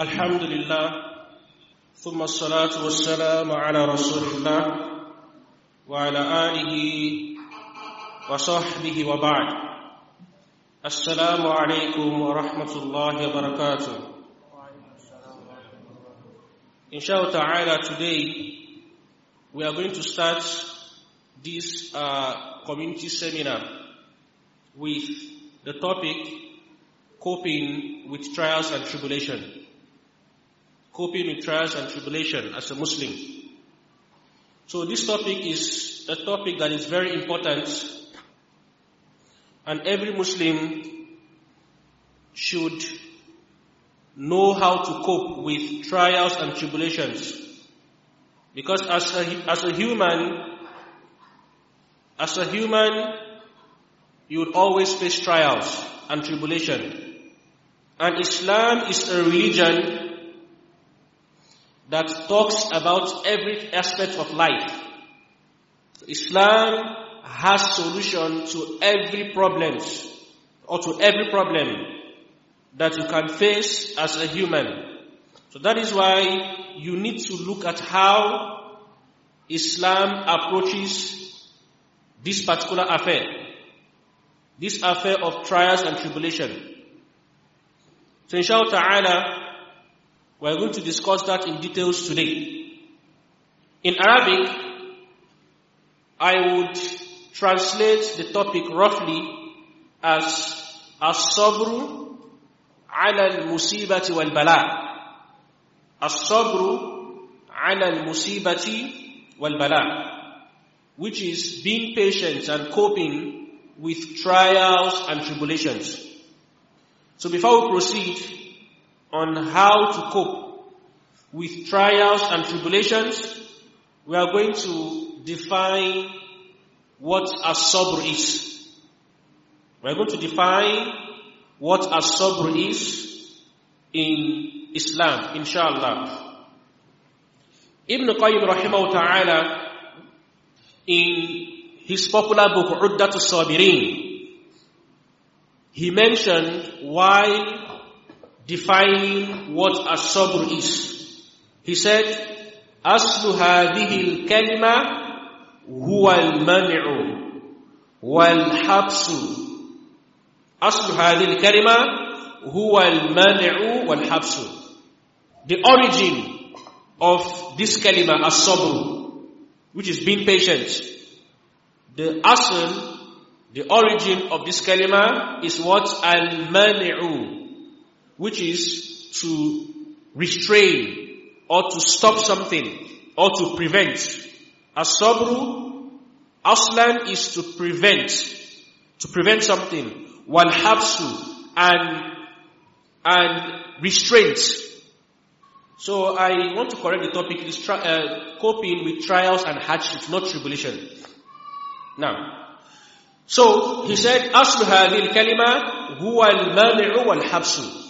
الحمد لله ثم الصلاة والسلام على رسول الله وعلى آله وصحبه وبعد السلام عليكم ورحمة الله وبركاته Inshallah ta'ala today we are going to start this uh, community seminar with the topic coping with trials and tribulation. coping with trials and tribulation as a Muslim. So this topic is a topic that is very important and every Muslim should know how to cope with trials and tribulations. Because as a, as a human, as a human, you would always face trials and tribulation. And Islam is a religion that talks about every aspect of life. Islam has solution to every problem or to every problem that you can face as a human. So that is why you need to look at how Islam approaches this particular affair. This affair of trials and tribulation. So inshallah we are going to discuss that in details today. In Arabic, I would translate the topic roughly as "al-sabr wal-bala," المصيبة والبلاء al-musibati wal-bala, which is being patient and coping with trials and tribulations. So before we proceed, on how to cope with trials and tribulations, we are going to define what a sobriety. is. We are going to define what a sobriety is in Islam, inshallah. Ibn Qayyim rahimahu ta'ala in his popular book Uddatu Sabirin, he mentioned why defining what a sabr is. He said, أصل هذه الكلمة هو المنع والحبس أصل هذه الكلمة هو المنع والحبس The origin of this kalima as which is being patient the asl the origin of this kalima is what al which is to restrain or to stop something or to prevent. Asabru aslan is to prevent, to prevent something. Walhabsu and and restraint. So I want to correct the topic. uh, coping with trials and hardships, not tribulation. Now, so he said, "Aslu hadil kalima huwa al-mani'u wal habsu."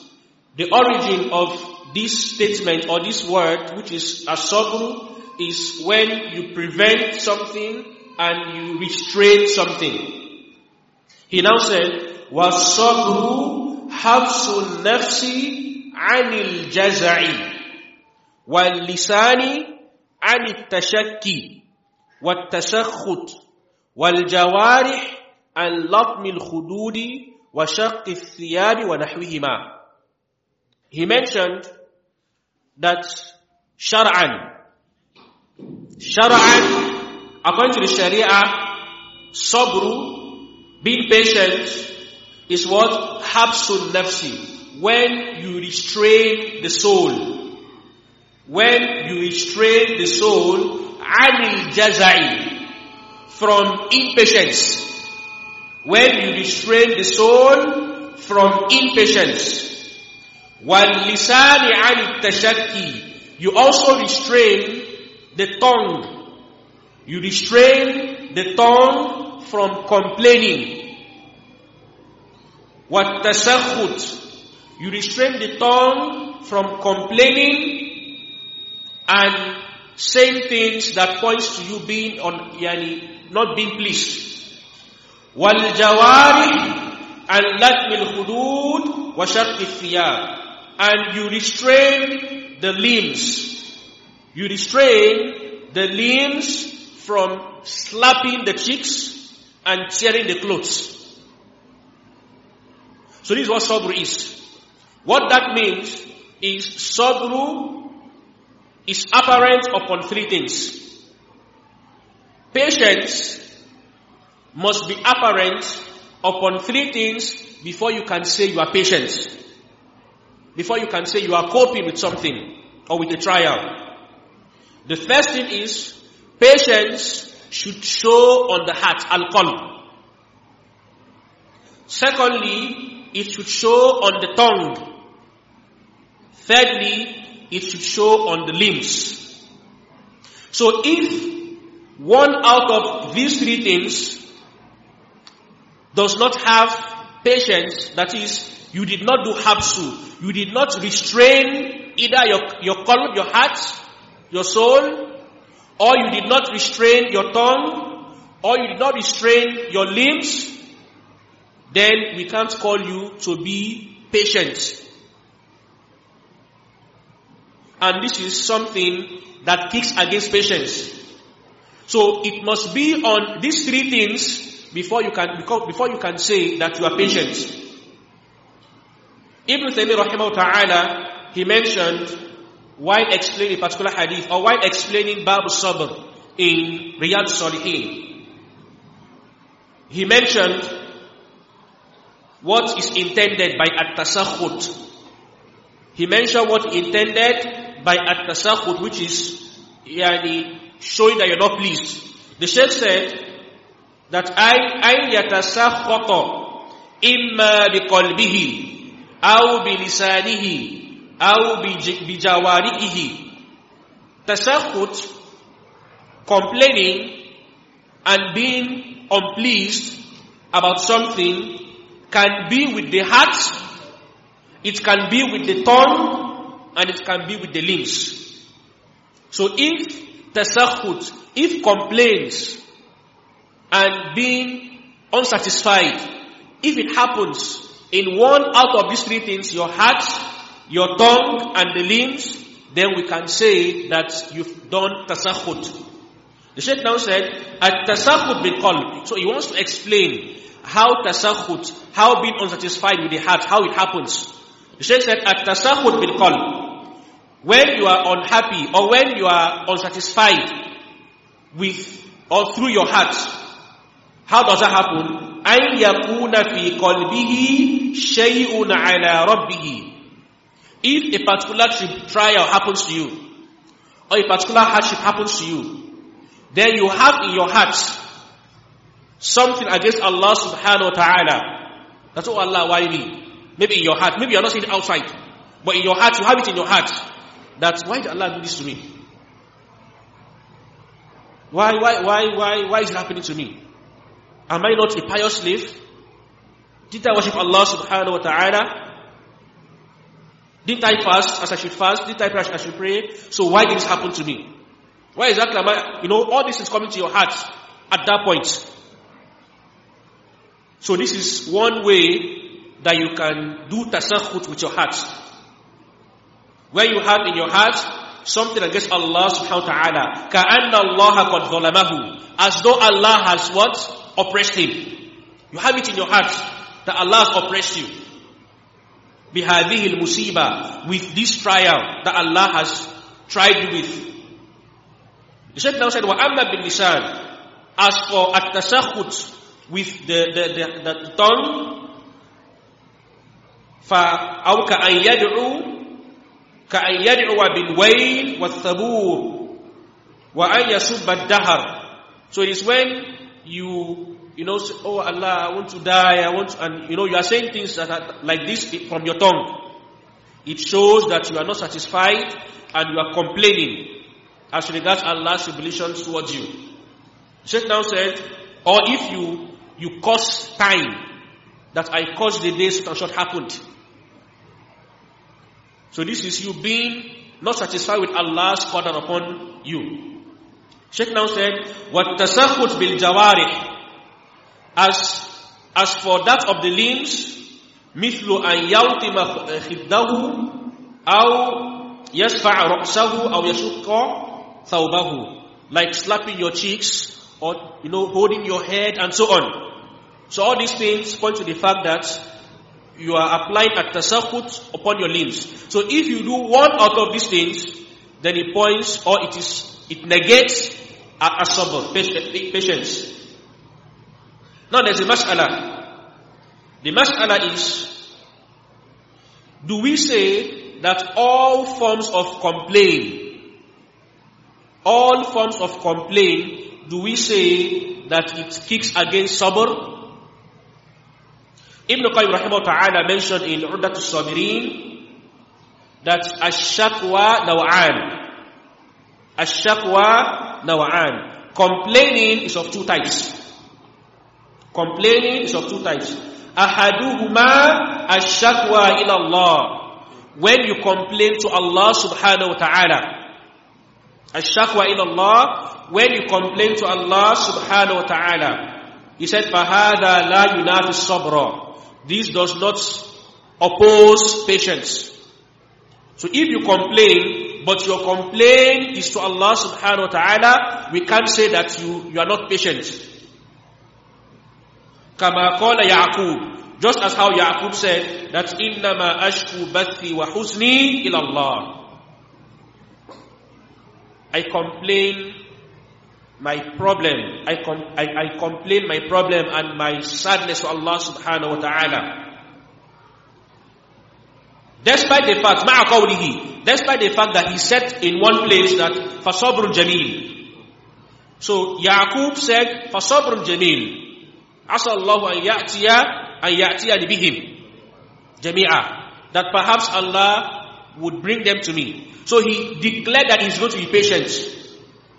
The origin of this statement or this word, which is asabru, is when you prevent something and you restrain something. He now said, وَالصَّبْرُ حَبْسُ النَّفْسِ عَنِ الْجَزَعِ وَاللِّسَانِ عَنِ التَّشَكِّ وَالتَّسَخُّتِ وَالْجَوَارِحِ عن لطم الخدود وشق الثياب ونحوهما he mentioned that shar'an, shar'an, according to the sharia, sabru, being patient, is what? Habsun nafsi, when you restrain the soul. When you restrain the soul, anil jazai, from impatience. When you restrain the soul from impatience. وَالْلِسَانِ عَنِ التَّشَكِّي You also restrain the tongue. You restrain the tongue from complaining. وَالتَّسَخُّت You restrain the tongue from complaining and saying things that points to you being on yani, not being pleased. وَالْجَوَارِحِ أَنْ hudud الْخُدُودِ وَشَرْقِ الثِّيَابِ and you restrain the limbs. You restrain the limbs from slapping the cheeks and tearing the clothes. So this is what sabr is. What that means is sabr is apparent upon three things. Patience must be apparent upon three things before you can say you are patient before you can say you are coping with something or with a trial. The first thing is patience should show on the heart, Alcohol. Secondly, it should show on the tongue. Thirdly, it should show on the limbs. So if one out of these three things does not have patience, that is, you did not do habsu. You did not restrain either your, your your heart, your soul, or you did not restrain your tongue, or you did not restrain your limbs, then we can't call you to be patient. And this is something that kicks against patience. So it must be on these three things before you can, before you can say that you are patient. Ibn Taymiyyah rahimahu ta'ala, he mentioned while explaining a particular hadith or while explaining Babu Sabr in Riyadh Salihin, he mentioned what is intended by at-tasakhut. He mentioned what intended by at-tasakhut, which is yani, showing that you're not pleased. The Sheikh said that I, I yatasakhata imma biqalbihi أو بلسانه أو بجوارحه تسخط complaining and being unpleased about something can be with the heart, it can be with the tongue, and it can be with the limbs. So if tasakhut, if complaints and being unsatisfied, if it happens in one out of these three things, your heart, your tongue, and the limbs, then we can say that you've done tasakhut. The Sheikh now said, at tasakhut be called." So he wants to explain how tasakhut, how being unsatisfied with the heart, how it happens. The Sheikh said, at tasakhut be called When you are unhappy or when you are unsatisfied with or through your heart, how does that happen? أن يكون في قلبه شيء If a particular trial happens to you, or a particular hardship happens to you, then you have in your heart something against Allah subhanahu wa ta'ala. That's all Allah, why me? Maybe in your heart, maybe you're not seeing it outside, but in your heart, you have it in your heart. That's why did Allah do this to me? Why, why, why, why, why is it happening to me? Am I not a pious slave? Didn't I worship Allah subhanahu wa ta'ala? Didn't I fast as I should fast? Didn't I pray as I should pray? So why did this happen to me? Why exactly am I, you know, all this is coming to your heart at that point. So this is one way that you can do tasakhut with your heart. Where you have in your heart something against Allah subhanahu wa ta'ala. كَأَنَّ اللَّهَ As though Allah has what? oppressed him. You have it in your heart that Allah has oppressed you. بِهَذِهِ musiba With this trial that Allah has tried you with. The said now said, وَأَمَّا بِالْلِسَانِ As for at-tasakhut, with the, the, the, the tongue, فَأَوْ كَأَنْ يَدْعُو كأن يدعو بالويل والثبور وأن يسب الدهر So it is when you you know say, oh Allah I want to die I want to, and you know you are saying things that are like this from your tongue it shows that you are not satisfied and you are complaining as regards Allah's revelation towards you Sheikh now said or if you you cause time that I caused the day so and short happened so this is you being not satisfied with Allah's order upon you Sheikh now said, "What وَالتَّسَخُّتْ بِالْجَوَارِحِ As, as for that of the limbs, mithlu an يوتم خده أو yasfa رأسه أو يشق ثوبه like slapping your cheeks or you know holding your head and so on. So all these things point to the fact that you are applying at tasahut upon your limbs. So if you do one out of these things, then it points or it is it negates Asabr, patience. Now there's a mas'ala. The mas'ala is, do we say that all forms of complaint, all forms of complaint, do we say that it kicks against sabr? Ibn Qayyim rahimahullah ta'ala mentioned in Udat al-Sabirin that ash-shakwa naw'an. Ash-shakwa nawa'an. Complaining is of two types. Complaining is of two types. Ahaduhuma ash-shakwa ila Allah. When you complain to Allah subhanahu wa ta'ala. Ash-shakwa ila Allah. When you complain to Allah subhanahu wa ta'ala. He said, فَهَذَا لَا يُنَافِ الصَّبْرَ This does not oppose patience. So if you complain, but your complaint is to Allah subhanahu wa ta'ala. We can't say that you, you are not patient. Kama kala Ya'qub. Just as how Ya'qub said that innama ashku bathi wa husni ilallah. I complain my problem. I, com- I, I complain my problem and my sadness to Allah subhanahu wa ta'ala. Despite the fact, ma'akawlihi, despite the fact that he said in one place that, fasabrul jamil. So, Yaqub said, fasabrul jamil. Asa Allahu an ya'tiya, an ya'tiya bihim. Jami'a. That perhaps Allah would bring them to me. So he declared that he's going to be patient.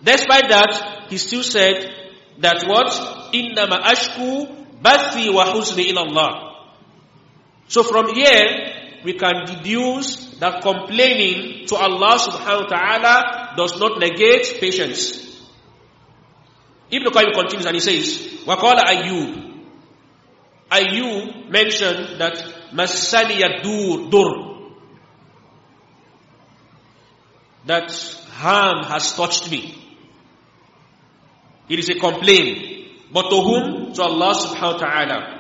Despite that, he still said that what? inna ma'ashku bathi wa husni in Allah. So from here, we can deduce that complaining to Allah subhanahu wa ta'ala does not negate patience. Ibn Qayyim continues and he says, وَقَالَ Ayyub. Ayyub mentioned that مَسَّنِيَ dur, That harm has touched me. It is a complaint. But to whom? To Allah subhanahu wa ta'ala.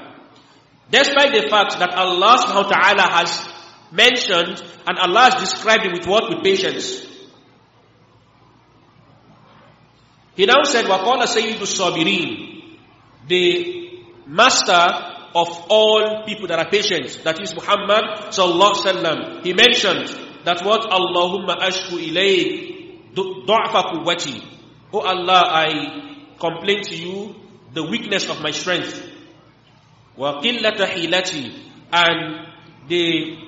Despite the fact that Allah subhanahu wa ta'ala has mentioned, and Allah has described him with what? With patience. He now said, وَقَالَ sayyidu sabirin, The master of all people that are patient, that is Muhammad sallallahu wasallam. He mentioned that what Allahumma ashku ilayk du'afa quwwati. Oh Allah, I complain to you the weakness of my strength. Wa qillata hilati and the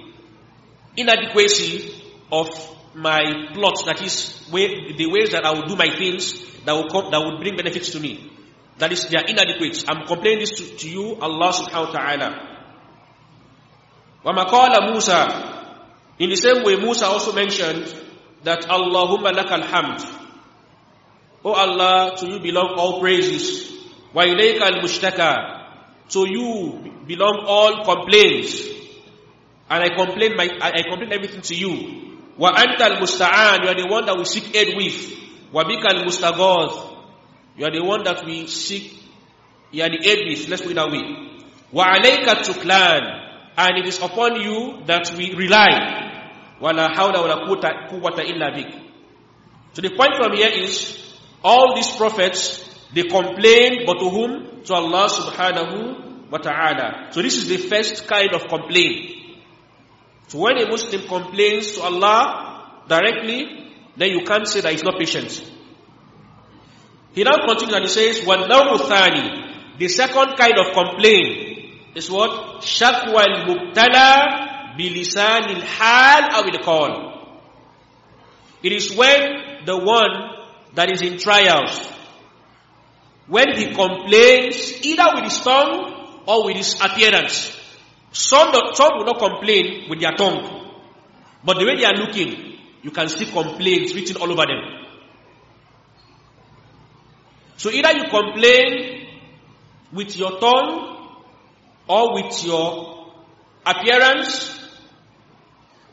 inadequacy of my plots, that is, way, the ways that I will do my things that will, that will bring benefits to me. That is, they are inadequate. I'm complaining this to, to you, Allah subhanahu wa ta'ala. وَمَقَالَ Musa. In the same way, Musa also mentioned that Allahumma lakal hamd. O Allah, to you belong all praises. Wa ilayka al-mushtaka. To you belong all complaints and I complain my I, I complain everything to you. Wa antal musta'an, you are the one that we seek aid with. Wa bikal mustagoz. you are the one that we seek, you are the aid with. Let's put it that way. Wa alayka tuklan, and it is upon you that we rely. Wa la hawla wa la quwwata illa bik. So the point from here is, all these prophets, they complain, but to whom? To Allah subhanahu wa ta'ala. So this is the first kind of complaint. So when a Muslim complains to Allah directly, then you can't say that he's not patient. He now continues and he says, وَالنَّوْمُ The second kind of complaint is what? شَكْوَى الْمُبْتَلَى بِلِسَانِ الْحَالِ أَوِ call It is when the one that is in trials, when he complains either with his tongue or with his appearance. Some, not, some will not complain with their tongue. But the way they are looking, you can see complaints written all over them. So either you complain with your tongue or with your appearance.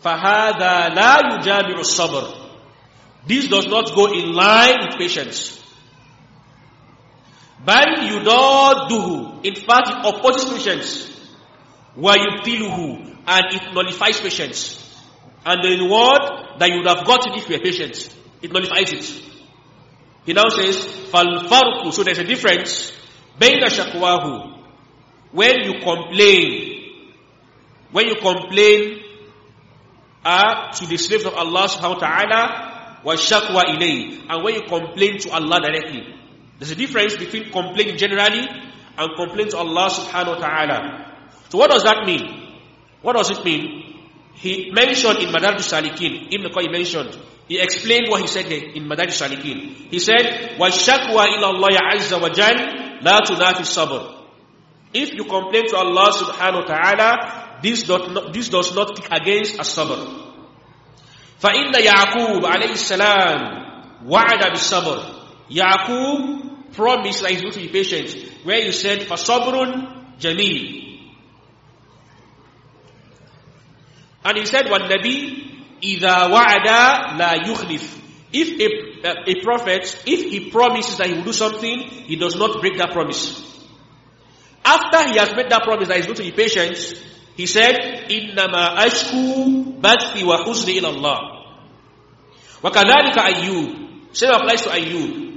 فَهَذَا لَا يُجَامِعُ الصَّبْرُ This does not go in line with patience. بَلْ يُدَادُهُ In fact, it opposes patience. وَيُبْتِلُهُ And it nullifies patience. And the reward that you would have got if you were patient, it nullifies it. He now says, فَالْفَرْقُ So there's a difference. بَيْنَ شَكْوَاهُ When you complain, when you complain uh, to the slaves of Allah subhanahu wa ta'ala, وَالشَّكْوَى إِلَيْهِ And when you complain to Allah directly. There's a difference between complaining generally and complaining to Allah subhanahu wa ta'ala. So what does that mean? What does it mean? He mentioned in Madarij Salikin, Ibn Qayyim mentioned, he explained what he said in Madarij Salikin. He said, وَالشَّكْوَى إِلَى اللَّهِ عَزَّ وَجَلْ لَا تُنَافِ sabr." If you complain to Allah subhanahu wa ta'ala, this, not, this does not kick against as sabr. فإن يعقوب عليه السلام وعد بالصبر Yaqub promised that he's going to be patient. Where he said, فَصَبْرٌ جَمِيلٌ And he said, "When Nabi إِذَا وَعَدَا لَا يُخْلِفُ If a, a prophet, if he promises that he will do something, he does not break that promise. After he has made that promise that he's going to be patient, he said, إِنَّمَا أَشْكُو بَثِّي وَحُزْنِي إِلَى اللَّهِ وَكَذَلِكَ أَيُّوب Same applies to Ayyub.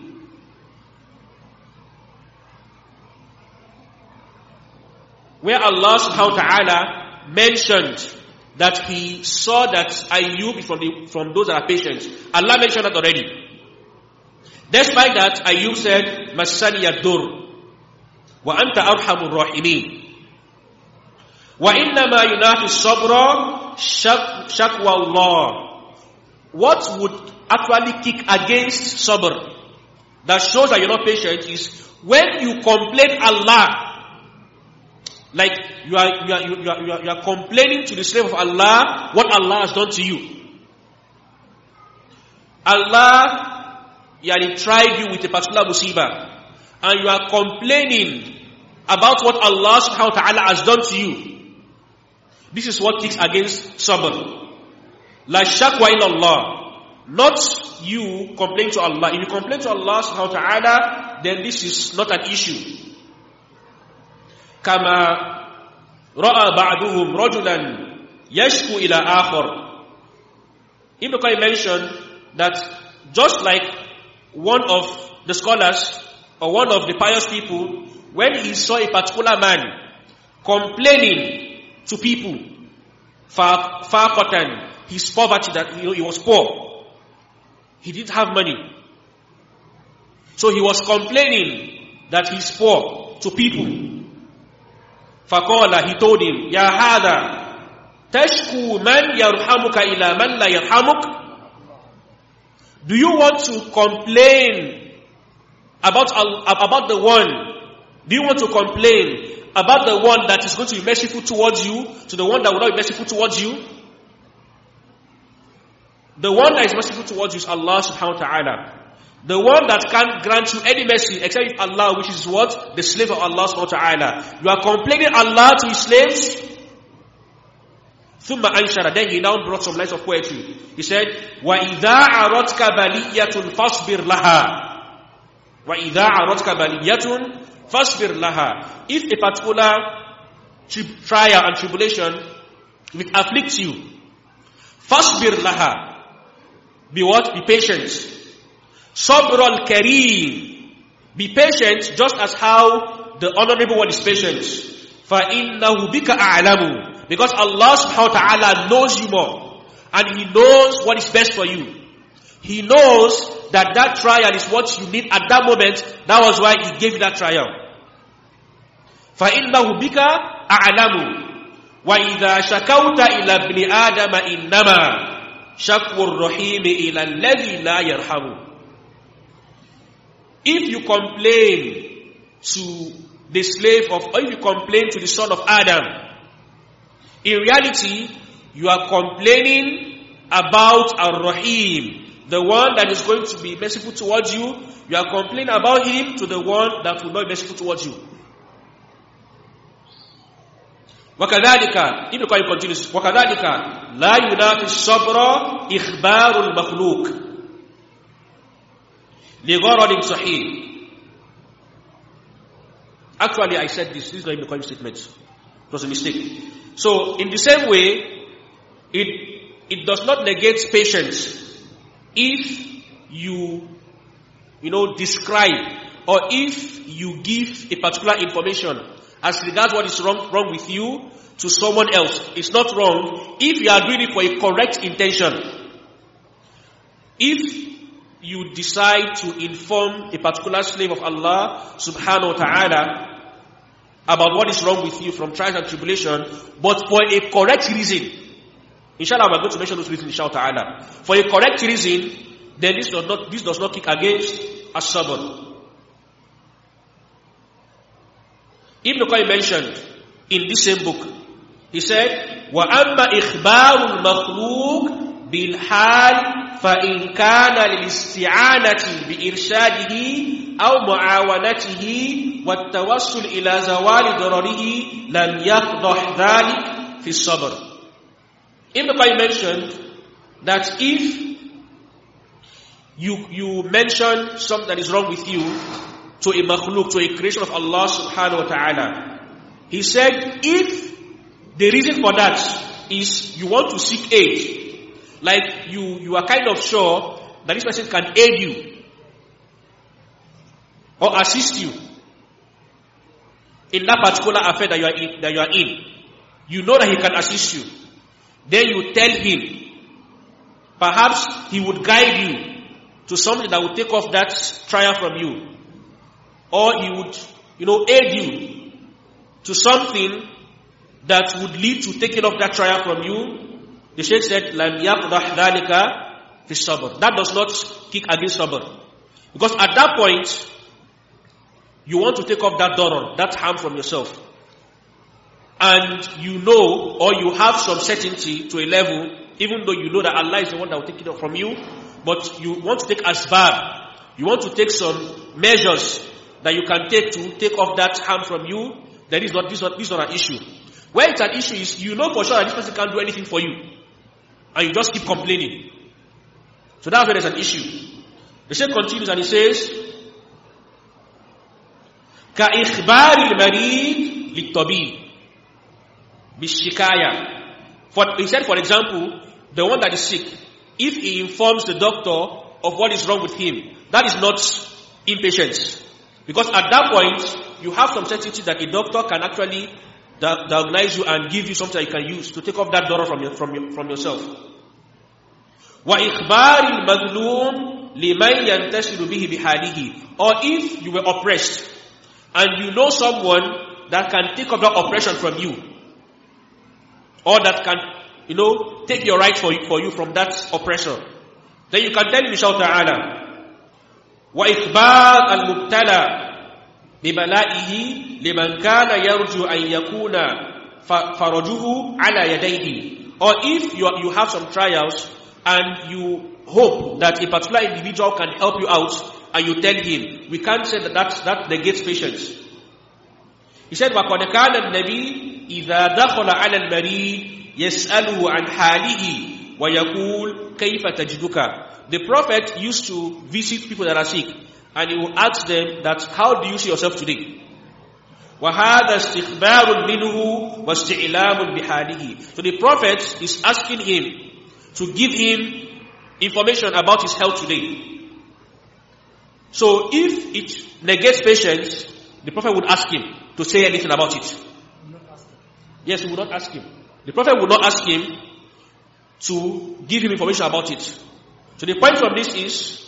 Where Allah subhanahu wa ta'ala mentioned that he saw that Ayub knew from, the, from those that are patient. Allah mentioned that already. Despite that, Ayub said, Masani yadur wa anta arhamur rahimin. Wa innama yunafi sabra shakwa Allah. What would actually kick against sabr that shows that you're not patient is when you complain Allah like you are, you are, you are, you are, you are complaining to the slave of Allah what Allah has done to you. Allah yani, tried you with a particular musibah and you are complaining about what Allah subhanahu wa ta'ala has done to you. This is what kicks against sabr. La shakwa Allah. Not you complain to Allah. If you complain to Allah subhanahu wa ta'ala, then this is not an issue. كما رأى بعضهم رجلا يشكو إلى آخر Ibn Qayyim mentioned that just like one of the scholars or one of the pious people, when he saw a particular man complaining to people, far, far cotton, his poverty that he, he was poor, he didn't have money. So he was complaining that he's poor to people. Fakola, he told him يا هذا تشكو من يرحمك إلى من لا يرحمك Do you want to complain about, about the one? Do you want to complain about the one that is going to be merciful towards you to the one that will not be merciful towards you? The one that is merciful towards you is Allah subhanahu wa ta'ala. The one that can't grant you any mercy except Allah, which is what? The slave of Allah subhanahu wa ta'ala. You are complaining Allah to his slaves? ثُمَّ أَنْشَرَ Then he now brought some lines of poetry. He said, وَإِذَا عَرَضْكَ بَلِيَّةٌ فَاصْبِرْ لَهَا وَإِذَا عَرَضْكَ بَلِيَّةٌ فَاصْبِرْ لَهَا If a particular trial and tribulation will afflict you, فَاصْبِرْ لَهَا Be what? Be patient. Sabrul Kareem. Be patient just as how the honorable one is patient. فَإِنَّهُ بِكَ أَعْلَمُ Because Allah subhanahu wa ta'ala knows you more. And He knows what is best for you. He knows that that trial is what you need at that moment. That was why He gave you that trial. فَإِنَّهُ بِكَ أَعْلَمُ وَإِذَا شَكَوْتَ إِلَى ابْنِ آدَمَ إِنَّمَا شَكْوُ الرَّحِيمِ إِلَى الَّذِي لَا يَرْحَمُ if you complain to the slave of, or if you complain to the son of Adam, in reality, you are complaining about Ar-Rahim, the one that is going to be merciful towards you. You are complaining about him to the one that will not be merciful towards you. وكذلك ابن القيم continues وكذلك لا ينافي الصبر إخبار المخلوق لغرض صحيح Actually, I said this. This is not the Qayyim's statement. It was a mistake. So, in the same way, it, it does not negate patience if you, you know, describe or if you give a particular information as regards what is wrong, wrong with you to someone else. It's not wrong if you are doing it for a correct intention. If you decide to inform a particular slave of Allah subhanahu wa ta'ala about what is wrong with you from trials and tribulation, but for a correct reason. Inshallah, we're going to mention those with inshallah ta'ala. For a correct reason, then this does not, this does not kick against a sabr Ibn Qayyim mentioned in this same book, he said, وَأَمَّا إِخْبَارُ الْمَخْلُوقِ بالحال فإن كان للاستعانة بإرشاده أو معاونته والتوصل إلى زوال ضرره لم يفضح ذلك في الصبر Ibn Qayyim mentioned that if you, you mention something that is wrong with you to a makhluk, to a creation of Allah subhanahu wa ta'ala, he said if the reason for that is you want to seek aid like you, you are kind of sure that this person can aid you or assist you in that particular affair that you are in, that you are in. You know that he can assist you. Then you tell him. Perhaps he would guide you to something that would take off that trial from you. Or he would, you know, aid you to something that would lead to taking off that trial from you the Shaykh said, Lam yaqdah dhalika fi sabr. That does not kick against sabr. Because at that point, you want to take off that darar, that harm from yourself. And you know, or you have some certainty to a level, even though you know that Allah is the one that will take it off from you, but you want to take asbab. You want to take some measures that you can take to take off that harm from you. That is not, this is not, this is not an issue. Where it's an issue is you know for sure that this person can't do anything for you and you just keep complaining. So that's where there's an issue. The Shaykh continues and he says, كإخبار المريض للطبيب بالشكاية. For, he said, for example, the one that is sick, if he informs the doctor of what is wrong with him, that is not impatience. Because at that point, you have some certainty that a doctor can actually diagnose you and give you something you can use to take off that burden from, your, from, your, from yourself. وَإِخْبَارِ الْمَظْلُومِ لِمَنْ يَنْتَشِرُ بِهِ بِحَالِهِ Or if you were oppressed and you know someone that can take up that oppression from you or that can, you know, take your right for you, for you from that oppression, then you can tell him, shout ta'ala. وَإِخْبَارِ الْمُبْتَلَى or if you, you have some trials and you hope that a particular individual can help you out and you tell him we can't say that that, that negates patience he said وَقَدْ كَانَ النَّبِي إِذَا دَخَلَ عَلَى الْمَرِيضِ يَسْأَلُهُ عَنْ حَالِهِ وَيَقُولُ كَيْفَ تَجِدُكَ the prophet used to visit people that are sick and you ask them that how do you see yourself today? So the Prophet is asking him to give him information about his health today. So if it negates patience, the Prophet would ask him to say anything about it. Yes, he would not ask him. The Prophet would not ask him to give him information about it. So the point from this is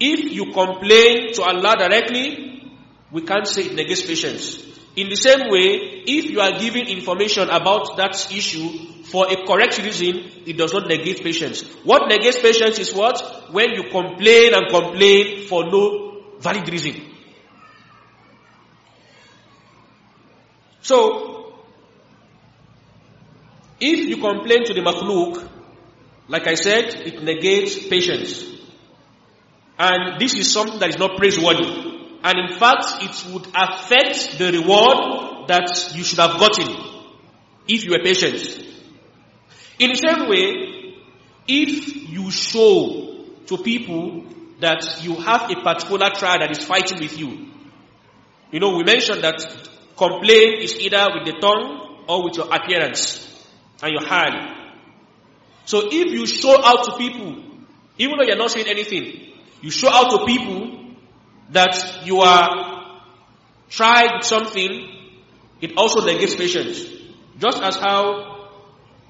if you complain to Allah directly, we can't say it negates patience. In the same way, if you are giving information about that issue for a correct reason, it does not negate patience. What negates patience is what? When you complain and complain for no valid reason. So, if you complain to the makhluk, like I said, it negates patience. And this is something that is not praiseworthy. And in fact, it would affect the reward that you should have gotten if you were patient. In the same way, if you show to people that you have a particular trial that is fighting with you, you know, we mentioned that complaint is either with the tongue or with your appearance and your hand. So if you show out to people, even though you're not saying anything, you show out to people that you are tried something, it also negates patience. Just as how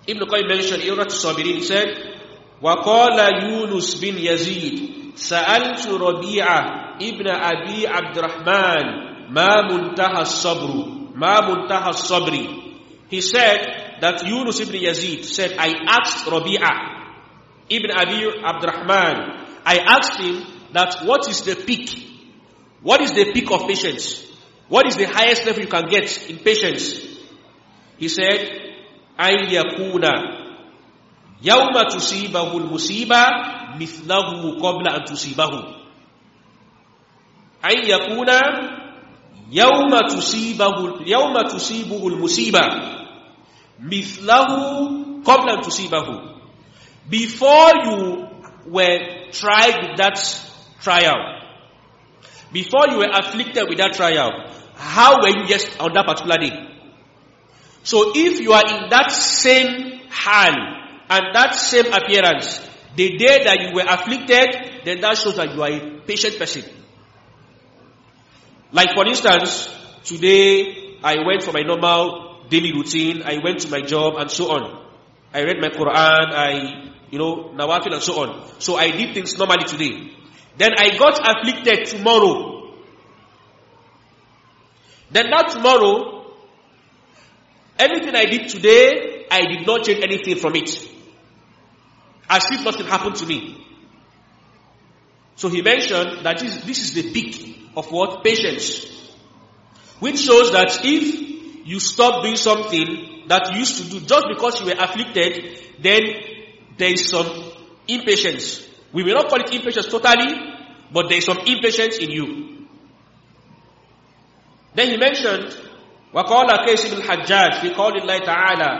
Ibn Qayyim mentioned in Rat Sabirin, he said, وَقَالَ يُونُسْ بِنْ يَزِيدٍ سَأَلْتُ رَبِيعَ ابْنَ أَبِي عَبْدِ الرَّحْمَنِ مَا مُنْتَهَى الصَّبْرُ مَا مُنْتَهَى الصَّبْرِ He said that Yunus ibn Yazid said, I asked Rabi'ah ibn Abi Abdurrahman I asked him that what is the peak? What is the peak of patience? What is the highest level you can get in patience? He said, أن يكون يوم تصيبه المصيبة مثله قبل أن تصيبه أن يكون يوم تصيبه يوم تصيبه المصيبة مثله قبل أن تصيبه before you were tried with that trial, before you were afflicted with that trial, how were you just on that particular day? So if you are in that same hand and that same appearance, the day that you were afflicted, then that shows that you are a patient person. Like for instance, today I went for my normal daily routine, I went to my job and so on. I read my Quran, I you know, nawafil and so on. So I did things normally today. Then I got afflicted tomorrow. Then that tomorrow, Anything I did today, I did not change anything from it. As if nothing happened to me. So he mentioned that this, this is the peak of what? Patience. Which shows that if you stop doing something that you used to do just because you were afflicted, then there is some impatience. We will not call it impatience totally, but there is some impatience in you. Then he mentioned, وَقَالَ hajj بِن الْحَجَّاجِ في قول الله تعالى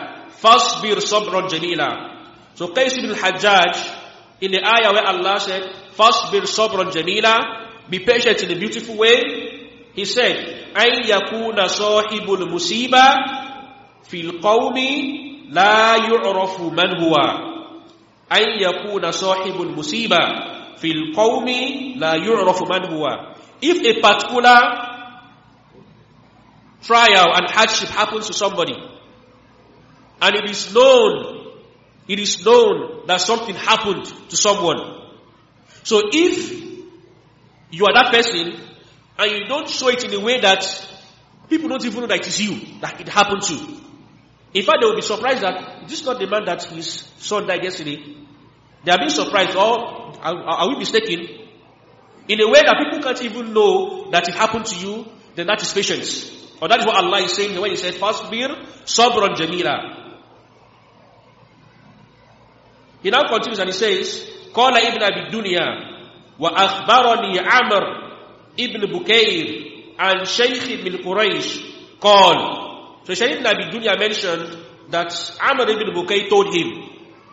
فَاصْبِرْ صَبْرًا جَمِيلًا So Qais ibn al-Hajjaj, in the ayah where Allah said, فَاصْبِرْ صَبْرًا جَمِيلًا Be patient in a beautiful way. He said, أَنْ يَكُونَ صَاحِبُ الْمُسِيبَةِ فِي الْقَوْمِ لَا يُعْرَفُ مَنْ هُوَ أن صاحب المصيبة في القوم لا يعرف if a particular trial and hardship happens to somebody and it is known it is known that something happened to someone so if you are that person and you don't show it in a way that people don't even know that it is you that it happened to in fact, they will be surprised that this is not the man that his son died yesterday. They are being surprised, or are, are we mistaken? In a way that people can't even know that it happened to you, then that is patience. Or that is what Allah is saying when He said, Fasbir sabran jamila. He now continues and he says, Qala ibn abi dunya wa akhbarani Amr ibn Bukair al shaykh ibn Quraysh Call. So Shaykh Nabi Dunya mentioned that Amr ibn Bukay told him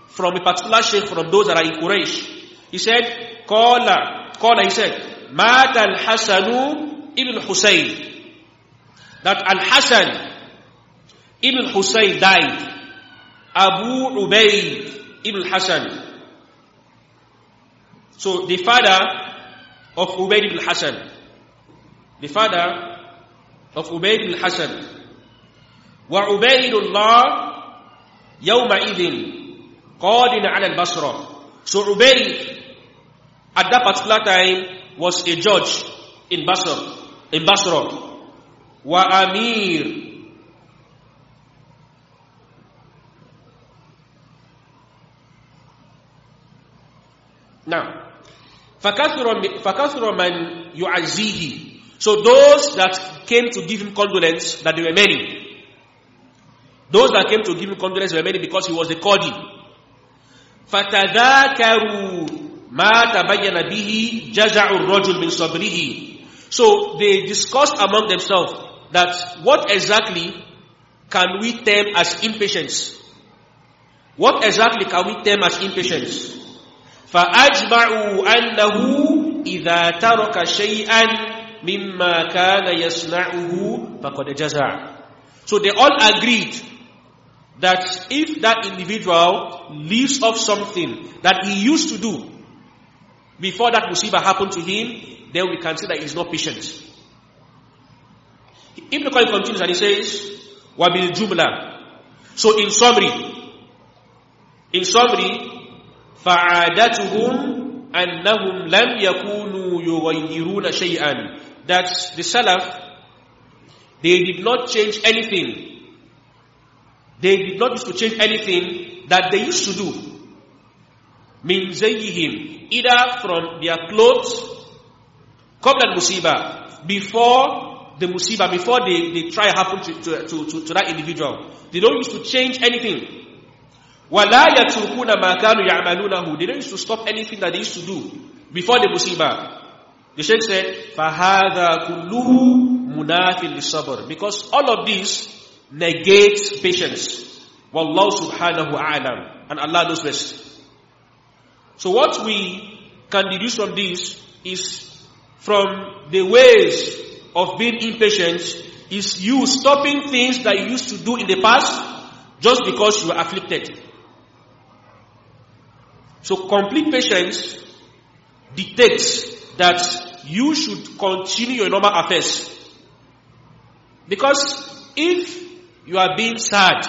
from a particular sheikh from those that are in Quraysh. He said, Qala, Qala, he said, Mat al Hassan ibn Hussein. That al Hassan ibn Hussein died. Abu Ubaid ibn Hassan. So the father of Ubaid ibn Hassan. The father of Ubaid ibn Hassan. وعبيد الله يومئذ قادن على البصرة So Ubaid at that particular time was a judge in Basra. In Basra. Wa Amir. Now, فَكَثُرَ مَنْ يُعَزِّيهِ So those that came to give him condolence, that they were many, those that came to give him condolences were many because he was a Qadi. فَتَذَاكَرُوا مَا تَبَيَّنَ بِهِ جَزَعُ الرَّجُلْ مِنْ صَبْرِهِ So they discussed among themselves that what exactly can we term as impatience? What exactly can we term as impatience? فَأَجْمَعُوا أَنَّهُ إِذَا تَرَكَ شَيْئًا مِمَّا كَانَ يَصْنَعُهُ فَقَدْ جَزَعَ So they all agreed that if that individual leaves off something that he used to do before that musibah happened to him, then we can say that he's not patient. Ibn Qayyim continues and he says, Wabil Jumla. So in summary, in summary, فَعَادَتُهُمْ أَنَّهُمْ لَمْ يَكُونُوا يُغَيِّرُونَ شَيْئًا That the Salaf, they did not change anything they did not used to change anything that they used to do. Min zayyihim, either from their clothes, qabla musiba, before the musiba, before the, the trial happened to, to, to, to that individual. They don't used to change anything. وَلَا يَتْرُكُونَ مَا كَانُوا يَعْمَلُونَهُ They don't used to stop anything that they used to do before the musiba. The Sheikh said, فَهَذَا كُلُّهُ مُنَافٍ لِلصَّبْرِ Because all of this negates patience. Wallahu subhanahu alam. And Allah knows best. So what we can deduce from this is from the ways of being impatient is you stopping things that you used to do in the past just because you are afflicted. So complete patience dictates that you should continue your normal affairs. Because if you are being sad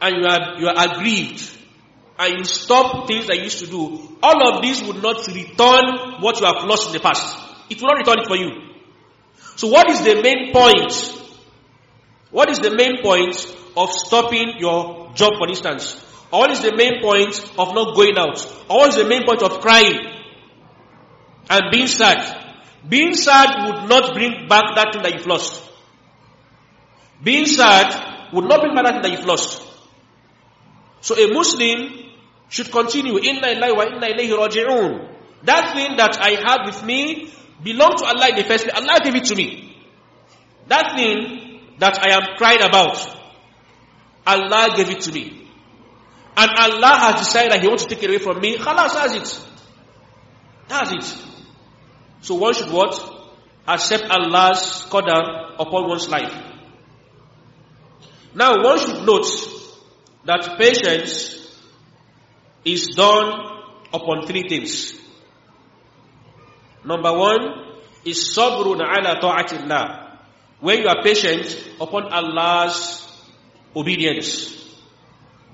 and you are, you are aggrieved and you stop things that you used to do, all of these would not return what you have lost in the past. It will not return it for you. So what is the main point? What is the main point of stopping your job, for instance? Or what is the main point of not going out? Or what is the main point of crying and being sad? Being sad would not bring back that thing that you've lost. Being sad would not be matter that you've lost. So a Muslim should continue, Inna illahi wa inna ilayhi raji'un. That thing that I had with me belonged to Allah in the first place. Allah gave it to me. That thing that I am cried about, Allah gave it to me. And Allah has decided that He wants to take it away from me. Khalas has it. That's it. So one should what? Accept Allah's qadar upon one's life. Now, one should note that patience is done upon three things. Number one is sabrun ala ta'atillah. When you are patient upon Allah's obedience.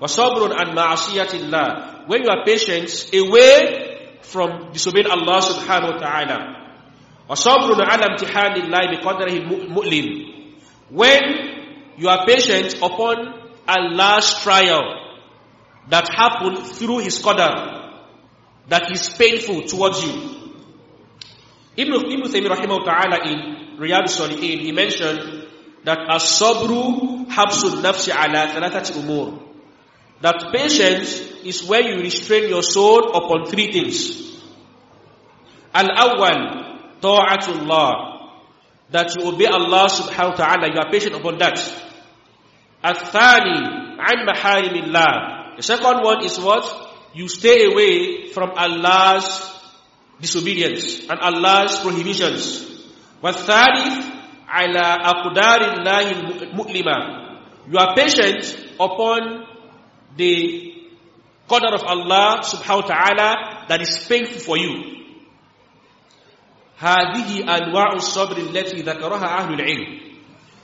Wa sabrun an ma'asiyatillah. When you are patient away from disobeying Allah subhanahu wa ta'ala. Wa sabrun ala imtihanillahi biqadrihi mu'lim. When you are patient upon a last trial that happened through his qadar that is painful towards you. Ibn, Ibn Taymiyyah ta'ala in Riyadh Salihin, he mentioned that as-sabru habsun nafsi ala thalathati umur. That patience is where you restrain your soul upon three things. Al-awwal, ta'atullah that you obey Allah subhanahu wa ta'ala, you are patient upon that. Athani an maharimillah. The second one is what? You stay away from Allah's disobedience and Allah's prohibitions. والثالث على أقدار الله المؤلمة. You are patient upon the qadar of Allah subhanahu wa ta'ala that is painful for you. هذه أنواع الصبر التي ذكرها أهل العلم.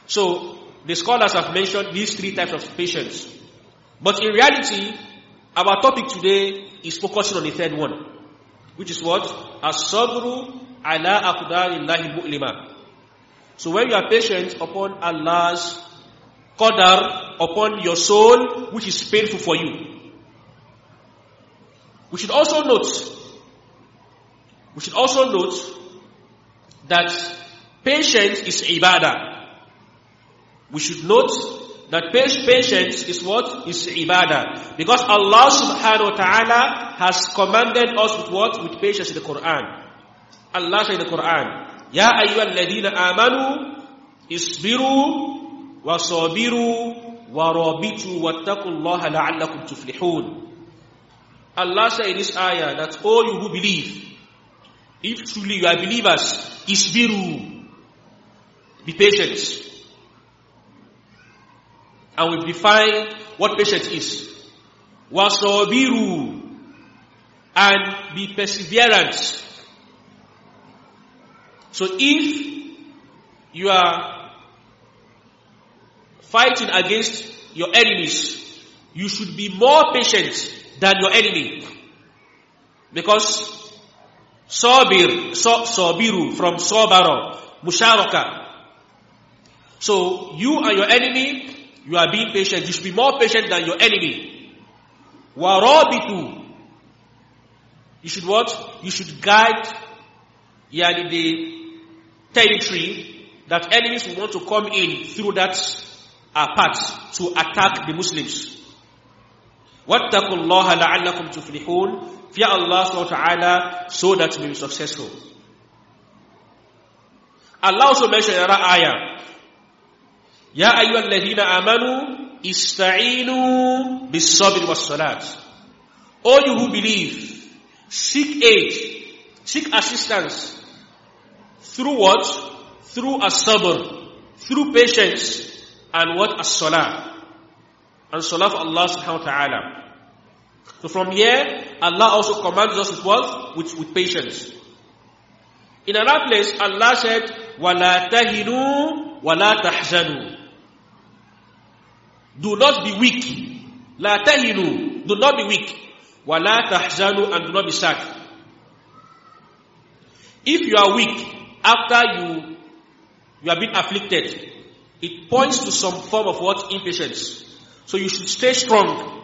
So the scholars have mentioned these three types of patience. But in reality, our topic today is focusing on the third one, which is what? As-sabru ala aqdarillahi mu'lima. So when you are patient upon Allah's qadar, upon your soul, which is painful for you. We should also note, we should also note that patience is ibadah. We should note that patience is what? Is ibadah. Because Allah subhanahu wa ta'ala has commanded us with what? With patience in the Quran. Allah said in the Quran, Ya ayyuhal ladina amanu isbiru wa sabiru wa rabitu wattaqullaha la'allakum tuflihun. Allah said in this ayah that all you who believe, if truly you are believers, isbiru. Be patient. And we've defined what patience is. Wasobiru. And be perseverant. So if you are fighting against your enemies, you should be more patient than your enemy. Because Sabir, so, Sabiru from Sabara, Musharaka. So you and your enemy, you are being patient. You should be more patient than your enemy. Warabitu. You should what? You should guide yani the territory that enemies will want to come in through that uh, path to attack the Muslims. وَاتَّقُوا اللَّهَ لَعَلَّكُمْ تُفْلِحُونَ Fear Allah subhanahu wa ta'ala so that you may be successful. Allah also mentioned another ayah. Ya ayyuhalladhina amanu ista'inu bis-sabr was-salat. All you who believe, seek aid, seek assistance through what? Through a sabr through patience and what as-salah. And salah for Allah subhanahu wa ta'ala. So from here, Allah also commands us with what? With, with patience. In another place, Allah said, وَلَا تَهِنُوا وَلَا تَحْزَنُوا Do not be weak. لَا تَهِنُوا Do not be weak. وَلَا تَحْزَنُوا And do not be sad. If you are weak after you, you have been afflicted, it points to some form of what? Impatience. So you should stay strong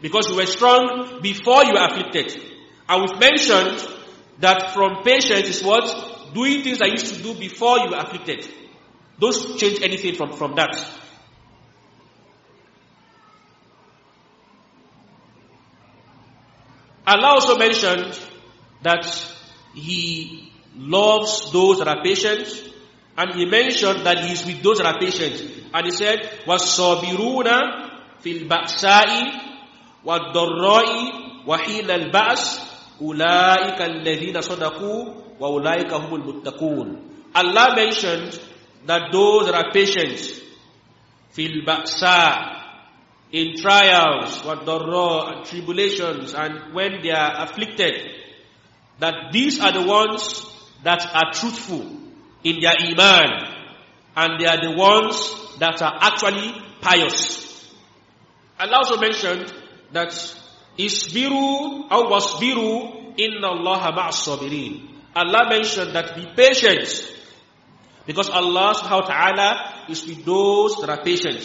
because you were strong before you were afflicted. And we've mentioned that from patience is what? Doing things that you used to do before you were afflicted. Don't change anything from, from that. Allah also mentioned that He loves those that are patient, and He mentioned that He is with those that are patient. And He said, وَالصَّابِرُونَ فِي والضراء البأس أولئك الذين صدقوا وأولئك هم المتقون Allah mentioned that those that are patient في البأساء in trials والضراء and tribulations and when they are afflicted that these are the ones that are truthful in their iman and they are the ones that are actually pious. Allah also mentioned that isbiru aw wasbiru inna Allah ma'as-sabirin. Allah mentioned that be patient because Allah subhanahu wa ta'ala is with those that are patient.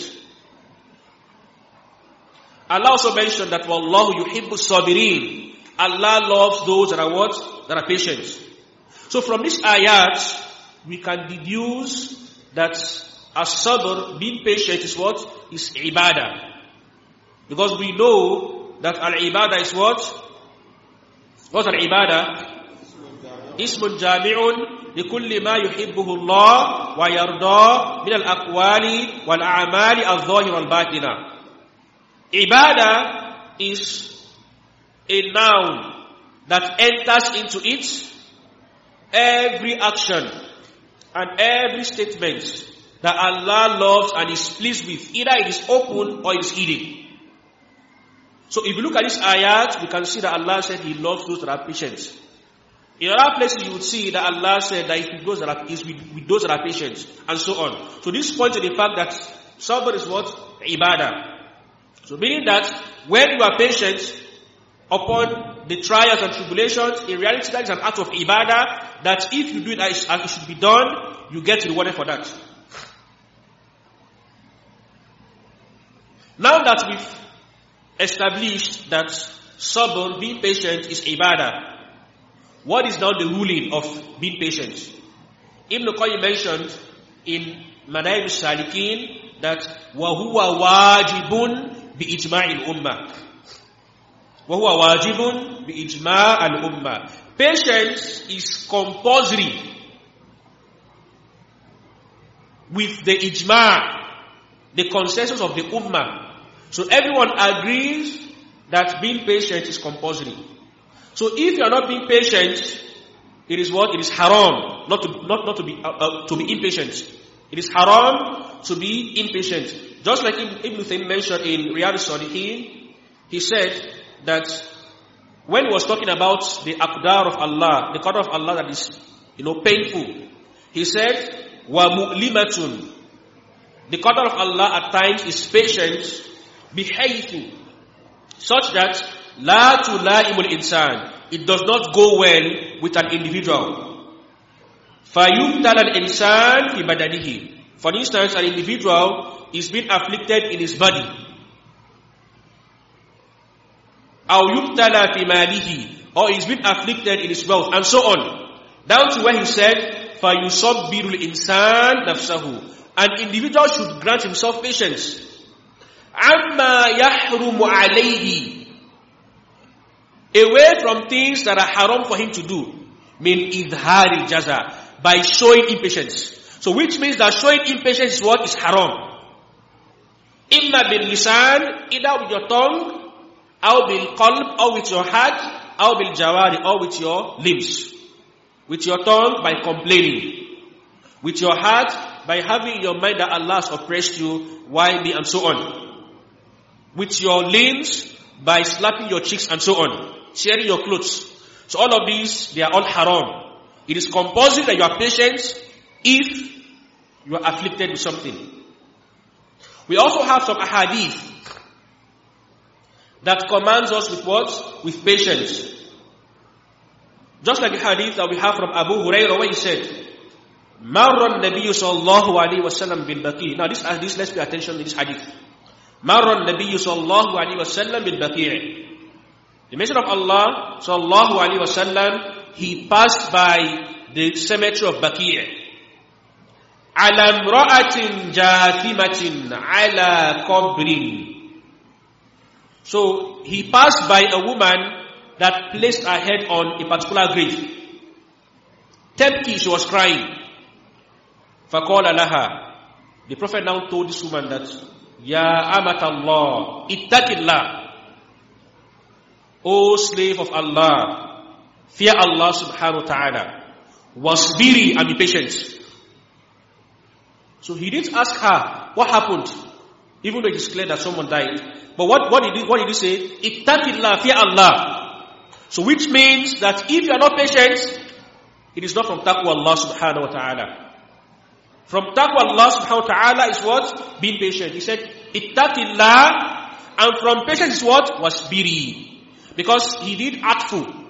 Allah also mentioned that wallahu yuhibbu sabirin. Allah loves those that are what? That are patient. So from this ayat, we can deduce that as-sabr, being patient is what? Is ibadah. Because we know that al-ibadah is what? What's al-ibadah? Ismun jami'un لكل ما يحبه الله ويرضاه من الأقوال والأعمال الظاهرة والباطنة. Ibadah is a noun that enters into it every action and every statement that Allah loves and is pleased with, either it is open or it is hidden. So if you look at this ayat, you can see that Allah said He loves those that are patient. In other places, you would see that Allah said that He goes those that are, with, with those that are patient, and so on. So this points to the fact that sabr is what? Ibadah. So meaning that when you are patient upon the trials and tribulations, in reality that is an act of ibadah that if you do it as it should be done, you get rewarded for that. Now that we've established that sabr, being patient, is ibadah. What is now the ruling of being patient? Ibn Qayyim mentioned in Manaib Salikin that وَهُوَ وَاجِبٌ بِإِجْمَعِ الْأُمَّةِ وَهُوَ وَاجِبٌ بِإِجْمَعِ الْأُمَّةِ Patience is compulsory with the ijma, the consensus of the ummah so everyone agrees that being patient is compulsory. So if you are not being patient, it is what? It is haram not to, not, not to, be, uh, uh, to be impatient. It is haram to be impatient. Just like Ibn, Ibn Thaym mentioned in Riyadh Salihin, he said that when he was talking about the akdar of Allah, the qadr of Allah that is, you know, painful, he said, wa mu'limatun. The qadr of Allah at times is patient بحيث such that لا تلائم الإنسان it does not go well with an individual فيبتلى الإنسان في بدنه for instance an individual is being afflicted in his body أو يبتلى في ماله or is being afflicted in his wealth and so on down to where he said فيصبر الإنسان نفسه an individual should grant himself patience amma yahrumu alayhi away from things that are haram for him to do min idhari jaza by showing impatience so which means that showing impatience is what is haram imma bil lisan either with your tongue or bil qalb or with your heart or bil jawari or with your limbs with your tongue by complaining with your heart by having in your mind that Allah has oppressed you why me and so on with your limbs, by slapping your cheeks and so on, tearing your clothes. So all of these, they are all haram. It is compulsory that you are patient if you are afflicted with something. We also have some ahadith that commands us with what? With patience. Just like the hadith that we have from Abu Hurairah where he said, مَرَّ النَّبِيُّ صَلَّى اللَّهُ عَلَيْهِ وَسَلَّمْ بِالْبَقِيِّ Now this hadith, let's pay attention to this hadith. Marra Nabi sallallahu alayhi wa sallam Baqi' The Messenger of Allah sallallahu alayhi wa he passed by the cemetery of Baqi' على امرأة jathimatin ala قبر So he passed by a woman that placed her head on a particular grave. Tepki, she was crying. فقال لها The Prophet now told this woman that Ya Amatallah, Ittaqillah. O slave of Allah, fear Allah subhanahu wa ta'ala. Wasbiri and be patient. So he didn't ask her what happened, even though it's clear that someone died. But what, what, did, he, what did he say? Ittaqillah, fear Allah. So which means that if you are not patient, it is not from taqwa Allah subhanahu wa ta'ala. From taqwa Allah subhanahu wa ta'ala is what? Being patient. He said, ittaqillah. And from patience is what? Wasbiri. Because he did atfu.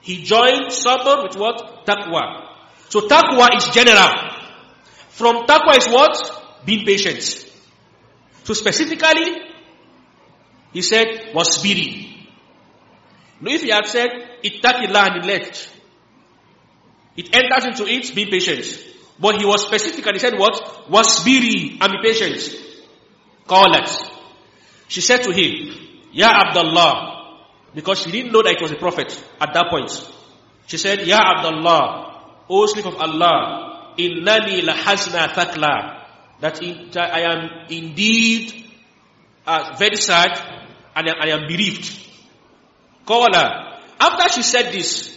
He joined sabr with what? Taqwa. So taqwa is general. From taqwa is what? Being patient. So specifically, he said, wasbiri. Now if he had said, ittaqillah and he left, it enters into it, being patient. But he was specific and he said what? Wasbiri and be patient. Qalat. She said to him, Ya Abdullah, because she didn't know that it was a prophet at that point. She said, Ya Abdullah, O slave of Allah, innani lahasna thakla, that I am indeed uh, very sad and I, am bereaved. Qala, after she said this,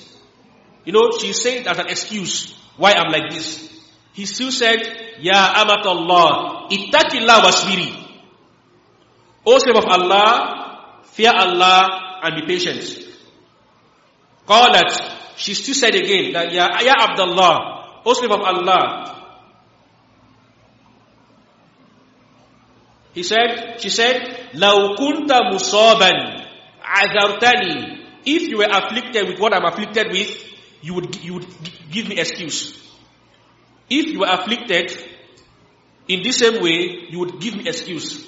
you know, she said it as an excuse why I'm like this. He still said, Ya Amat Allah, Ittaqillah wasbiri. O slave of Allah, fear Allah and be patient. Qalat, she still said again that Ya, ya Abdullah, O slave of Allah. He said, she said, لو كنت مصابا عذرتني. If you were afflicted with what I'm afflicted with, you would, you would give me excuse. If you are afflicted in the same way, you would give me excuse.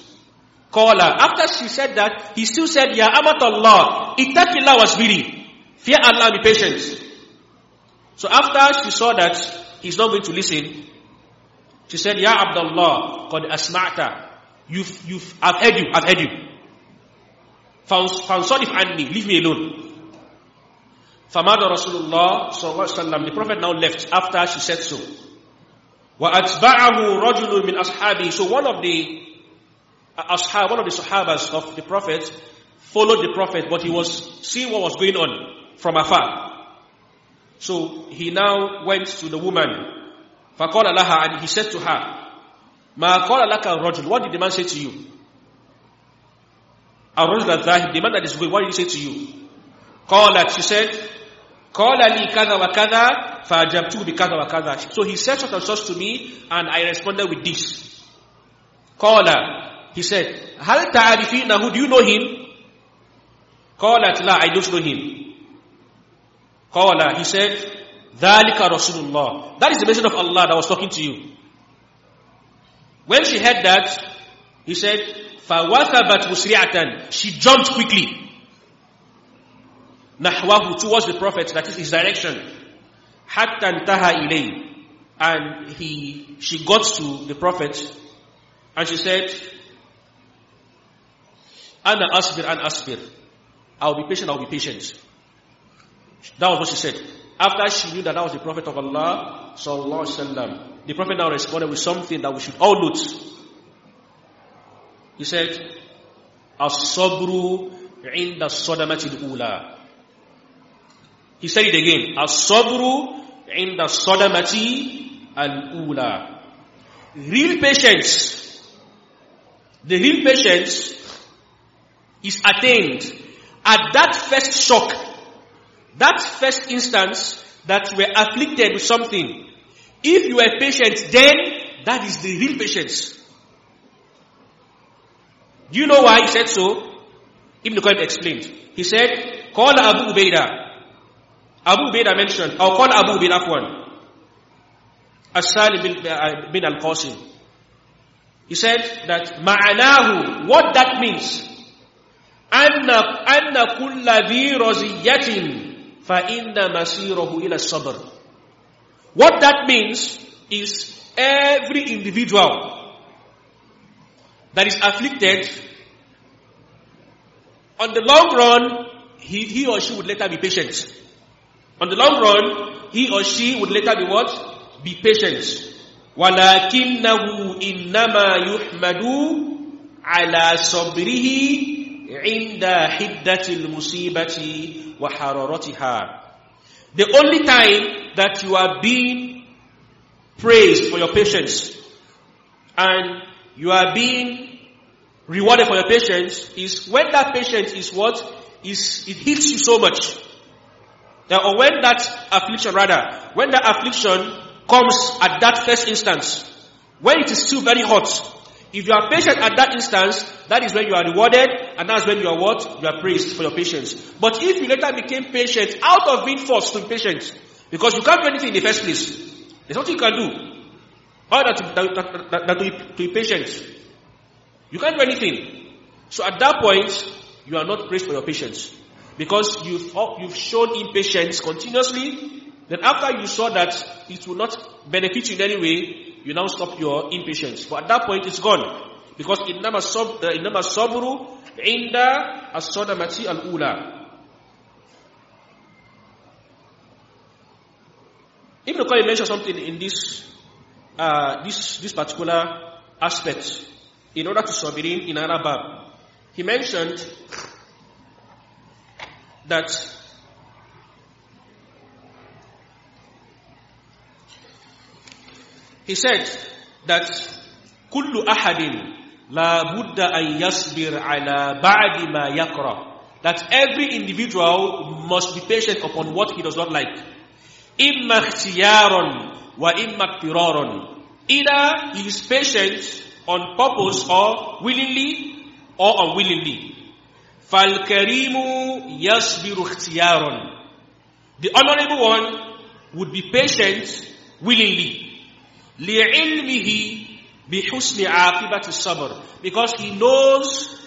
Call her. After she said that, he still said, Ya Abdullah, Allah, Ittaqillah was really. Fear Allah, be patient. So after she saw that he's not going to listen, she said, Ya Abdullah, Qad asma'ta. You've, you've, I've heard you, I've heard you. Fansorif anni, leave me alone. Famada Rasulullah sallallahu alaihi wasallam. The Prophet now left after she said so. وَأَتْبَعَهُ رَجُلٌ مِنْ أَصْحَابِهِ So one of the uh, ashab, one of the sahabas of the Prophet followed the Prophet, but he was seeing what was going on from afar. So he now went to the woman, فَقَالَ لَهَا And he said to her, مَا قَالَ لَكَ الرَّجُلُ What did the man say to you? الرَّجُلَ الذَّاهِبُ The man that is going, what did he say to you? قَالَتْ She said, Call Ali kada wa kada, fajabtu bi kada wa kada. So he said such and such to me, and I responded with this. Qala, he said, Hal who do you know him? Qalat la, I don't know him. Qala, he said, Dhalika Rasulullah. That is the message of Allah that was talking to you. When she heard that, he said, فَوَثَبَتْ musriatan. She jumped quickly nahwahu towards the Prophet, that is his direction. Hatta taha ilay. And he, she got to the Prophet and she said, Ana asbir, an asbir. I'll be patient, I'll be patient. That was what she said. After she knew that that was the Prophet of Allah, sallallahu alaihi them. the Prophet now responded with something that we should all note. He said, "As-sabru inda sadamati al-ula." He said it again. As-sabru inda sadamati al-ula. Real patience. The real patience is attained at that first shock. That first instance that we're afflicted with something. If you are patient then, that is the real patience. Do you know why he said so? Ibn Qayyim explained. He said, Call Abu Ubaidah, Abu Ubaidah mentioned, I'll call Abu bin Afwan, As-Salim bin, uh, bin Al-Qasim. He said that, Ma'anahu, what that means, أن أن كل ذي رزية فإن مسيره إلى الصبر. What that means is every individual that is afflicted, on the long run, he, he or she would later be patient. On the long run, he or she would later be what? Be patient. وَلَكِنَّهُ إِنَّمَا يُحْمَدُ عَلَى صَبْرِهِ عِنْدَ حِدَّةِ الْمُصِيبَةِ The only time that you are being praised for your patience and you are being rewarded for your patience is when that patience is what? Is, it hits you so much or when that affliction, rather, when the affliction comes at that first instance, when it is still very hot, if you are patient at that instance, that is when you are rewarded, and that's when you are what? You are praised for your patience. But if you later became patient out of being forced to be patient, because you can't do anything in the first place, there's nothing you can do other than to, to be patient. You can't do anything. So at that point, you are not praised for your patience because you've, oh, you've shown impatience continuously, then after you saw that it will not benefit you in any way, you now stop your impatience. But at that point, it's gone. Because innama uh, sabru inda as-sadamati al-ula. Ibn Qayyim mentioned something in this, uh, this, this particular aspect in order to sabirin in another He mentioned that he said that kullu ahadin la بُدَّ أَنْ يَصْبِرَ ala بَعْدِ مَا yakra that every individual must be patient upon what he does not like imma either he is patient on purpose or willingly or unwillingly فَالْكَرِيمُ يَصْبِرُ اخْتِيَارًا The honorable one would be patient willingly. لِعِلْمِهِ بِحُسْنِ عَاقِبَةِ الصَّبْرِ Because he knows,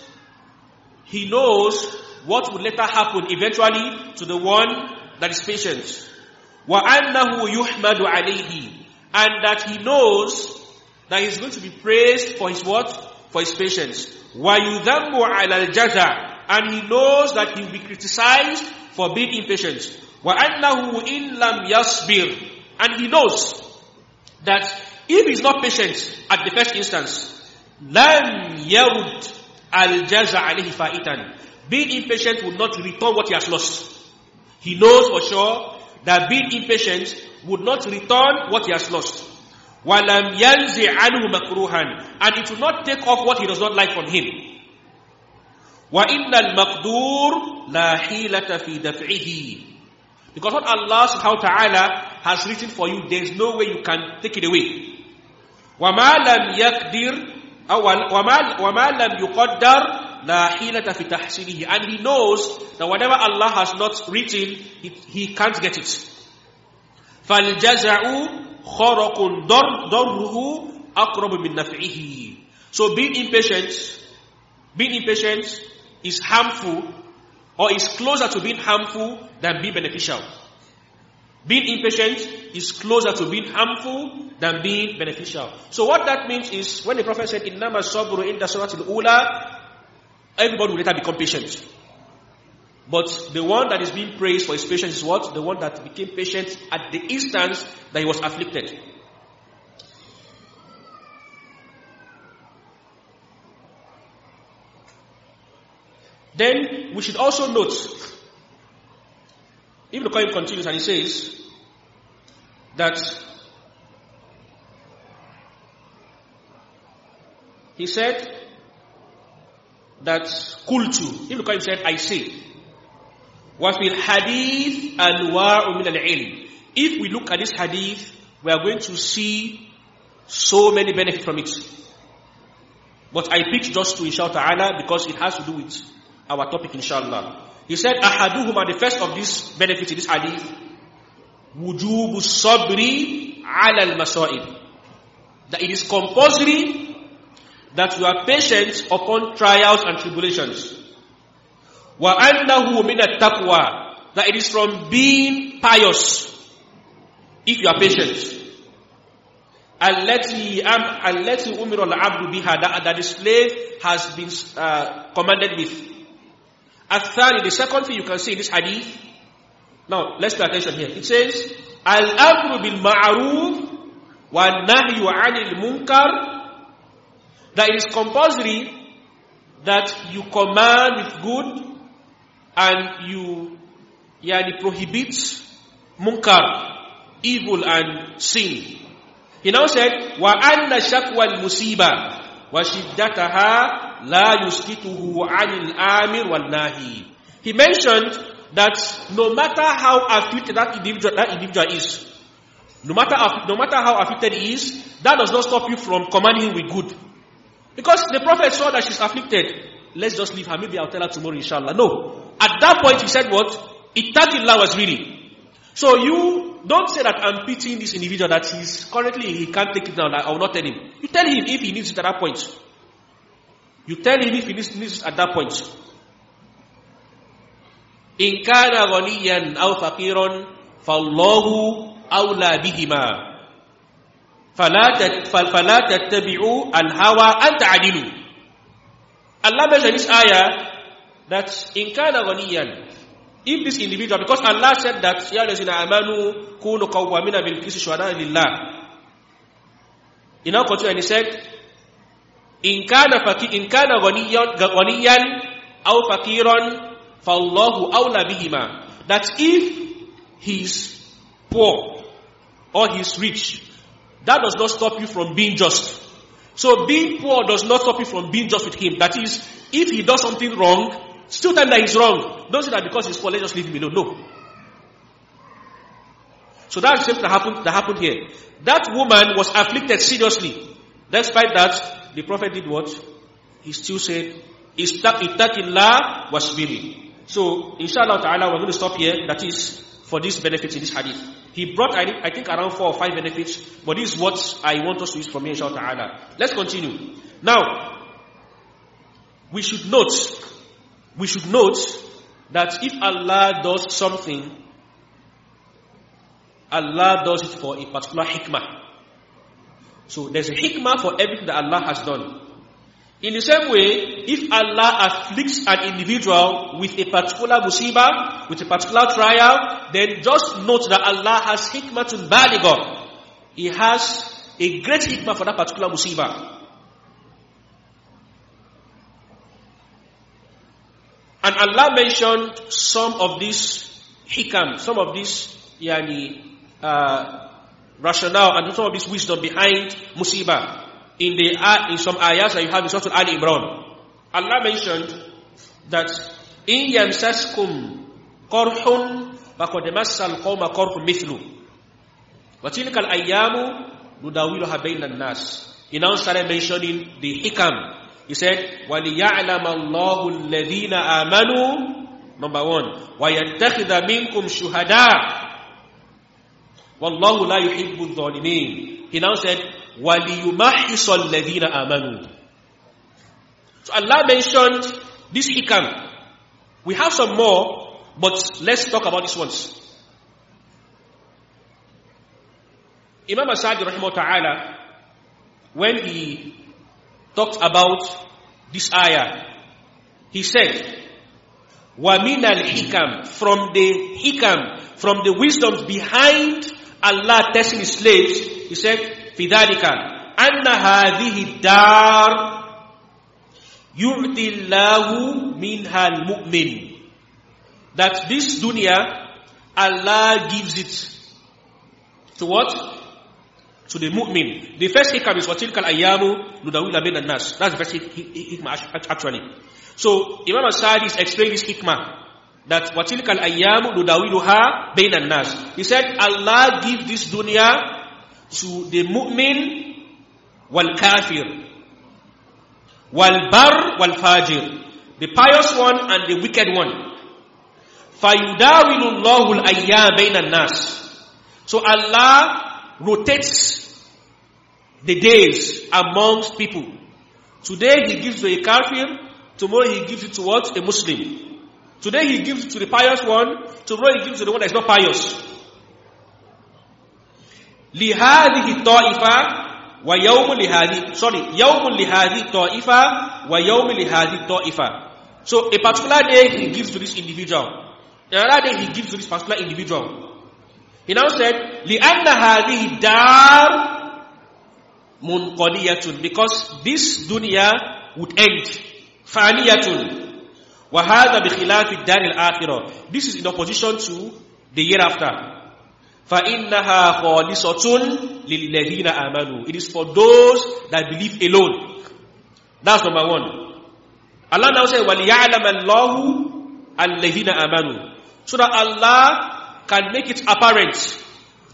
he knows what would later happen eventually to the one that is patient. وَأَنَّهُ يُحْمَدُ عَلَيْهِ And that he knows that he's going to be praised for his what? For his patience. وَيُذَمُّ عَلَى الْجَزَعِ and he knows that he will be criticized for being impatient. And he knows that if he's not patient at the first instance, lam يَرُدْ Being impatient will not return what he has lost. He knows for sure that being impatient would not return what he has lost. And it will not take off what he does not like from him. وإن المقدور لا حيلة في دفعه because what Allah subhanahu wa ta'ala has written for you there is no way you can take it away وما لم يقدر وما, وما لم يقدر لا حيلة في تحسينه and he knows that whatever Allah has not written he, he can't get it فالجزع خرق ضره أقرب من نفعه so being impatient being impatient is harmful or is closer to being harmful than being beneficial. Being impatient is closer to being harmful than being beneficial. So what that means is when the Prophet said, in nama inda in ula, everybody will later become patient. But the one that is being praised for his patience is what? The one that became patient at the instance that he was afflicted. Then we should also note, Ibn Qayyim continues and he says that he said that kultu, Ibn Qayyim said, I say, وَفِي الْحَدِيثِ أَنْوَاءُ مِنَ الْعِلْمِ If we look at this hadith, we are going to see so many benefits from it. But I picked just to inshallah because it has to do with our topic inshallah. He said, Ahaduhuma, the first of these benefits in this hadith, wujubu sabri ala al-masa'ib. That it is compulsory that you are patient upon trials and tribulations. Wa annahu min at-taqwa. That it is from being pious if you are patient. Allati am allati umira al-abdu biha that the slave has been uh, commanded with الثاني, the second thing you can see in this hadith. Now, let's pay attention here. It says, Al-amru bil ma'ruf wa nahyu anil munkar. That it is compulsory that you command with good and you yani, prohibit munkar, evil and sin. He now said, wa anna shakwa al-musiba wa shiddataha la yuskituhu anil amir wal nahi. He mentioned that no matter how afflicted that individual, that individual is, no matter, how, no matter how afflicted he is, that does not stop you from commanding him with good. Because the prophet saw that she's afflicted. Let's just leave her. Maybe I'll tell her tomorrow, inshallah. No. At that point, he said what? Ittaqillah was really. So you don't say that I'm pitying this individual that he's currently, he can't take it now. I will not tell him. You tell him if he needs it at that point. You tell him if he needs at that point. In kana ghaniyan aw faqiran fallahu awla bihima. فلا تتبعوا الهوى أن تعدلوا Allah mentioned this ayah that in kana ghaniyan if this individual because Allah said that ya lazina amanu kunu qawwamina bil qisti shuhada lillah he now continued and he said إن كان فقير إن كان غنيا غنيا أو فقيرا فالله أولى بهما that if he's poor or he's rich that does not stop you from being just so being poor does not stop you from being just with him that is if he does something wrong still time that wrong don't say that because he's poor let's just leave him alone no so that's the same that happened that happened here that woman was afflicted seriously despite that the Prophet did what? He still said, Ittaqillah wasbiri. So, inshallah ta'ala, we're going to stop here. That is for this benefit in this hadith. He brought, I think, around four or five benefits, but this is what I want us to use from here, inshallah ta'ala. Let's continue. Now, we should note, we should note that if Allah does something, Allah does it for a particular hikmah. So there's a hikmah for everything that Allah has done. In the same way, if Allah afflicts an individual with a particular musibah, with a particular trial, then just note that Allah has to baligah. He has a great hikmah for that particular musibah. And Allah mentioned some of these hikam, some of these yani, uh, rationale and some of this wisdom behind musibah in the in some ayahs that you have in Surah Al Imran. Allah mentioned that in yamsaskum qarhun faqad massal qawma qarhun mithlu wa ayamu al ayyamu nas. He now started mentioning the hikam. He said, وَلِيَعْلَمَ اللَّهُ الَّذِينَ آمَنُوا Number one, وَيَتَّخِذَ مِنْكُمْ شُهَدَاءَ Wallahu la yuhibbu dhalimin. He now said, وَلِيُمَحِّصَ الَّذِينَ آمَنُوا So Allah mentioned this hikam. We have some more, but let's talk about these ones. Imam Asad rahimahu ta'ala, when he talked about this ayah, he said, وَمِنَ الْحِكَمْ From the hikam, from the wisdoms behind Allah testing his slaves, he said, فِذَلِكَ أَنَّ هَذِهِ الدَّارِ يُعْتِي اللَّهُ mu'min." That this dunya, Allah gives it to what? To the mu'min. The first hikam is what? وَتِلْكَ الْأَيَّامُ نُدَوِلَ بَيْنَ النَّاسِ That's the first hikmah actually. So Imam Asadi is explaining this hikmah that watilkal ayyamu nudawiluha bainan nas. He said, Allah give this dunya to the mu'min wal kafir, wal bar wal fajir, the pious one and the wicked one. فَيُدَاوِلُ اللَّهُ الْأَيَّامَ بَيْنَ nas. So Allah rotates the days amongst people. Today He gives to a kafir, tomorrow He gives it to what? A Muslim. Today he gives to the pious one, tomorrow he gives to the one that is not pious. لِهَذِهِ طَائِفَةً وَيَوْمُ لِهَذِهِ Sorry, يَوْمُ لِهَذِهِ طَائِفَةً وَيَوْمُ لِهَذِهِ طَائِفَةً So a particular day he gives to this individual. Another day he gives to this particular individual. He now said, لِأَنَّ هَذِهِ دَارٌ munqadiyatun because this dunya would end faniyatun وَهَذَا بِخِلَافِ الدَّارِ الْآخِرَةِ This is in opposition to the year after. فَإِنَّهَا خَالِصَةٌ لِلَّذِينَ آمَنُوا It is for those that believe alone. That's number one. Allah now says, وَلِيَعْلَمَ اللَّهُ الَّذِينَ آمَنُوا So that Allah can make it apparent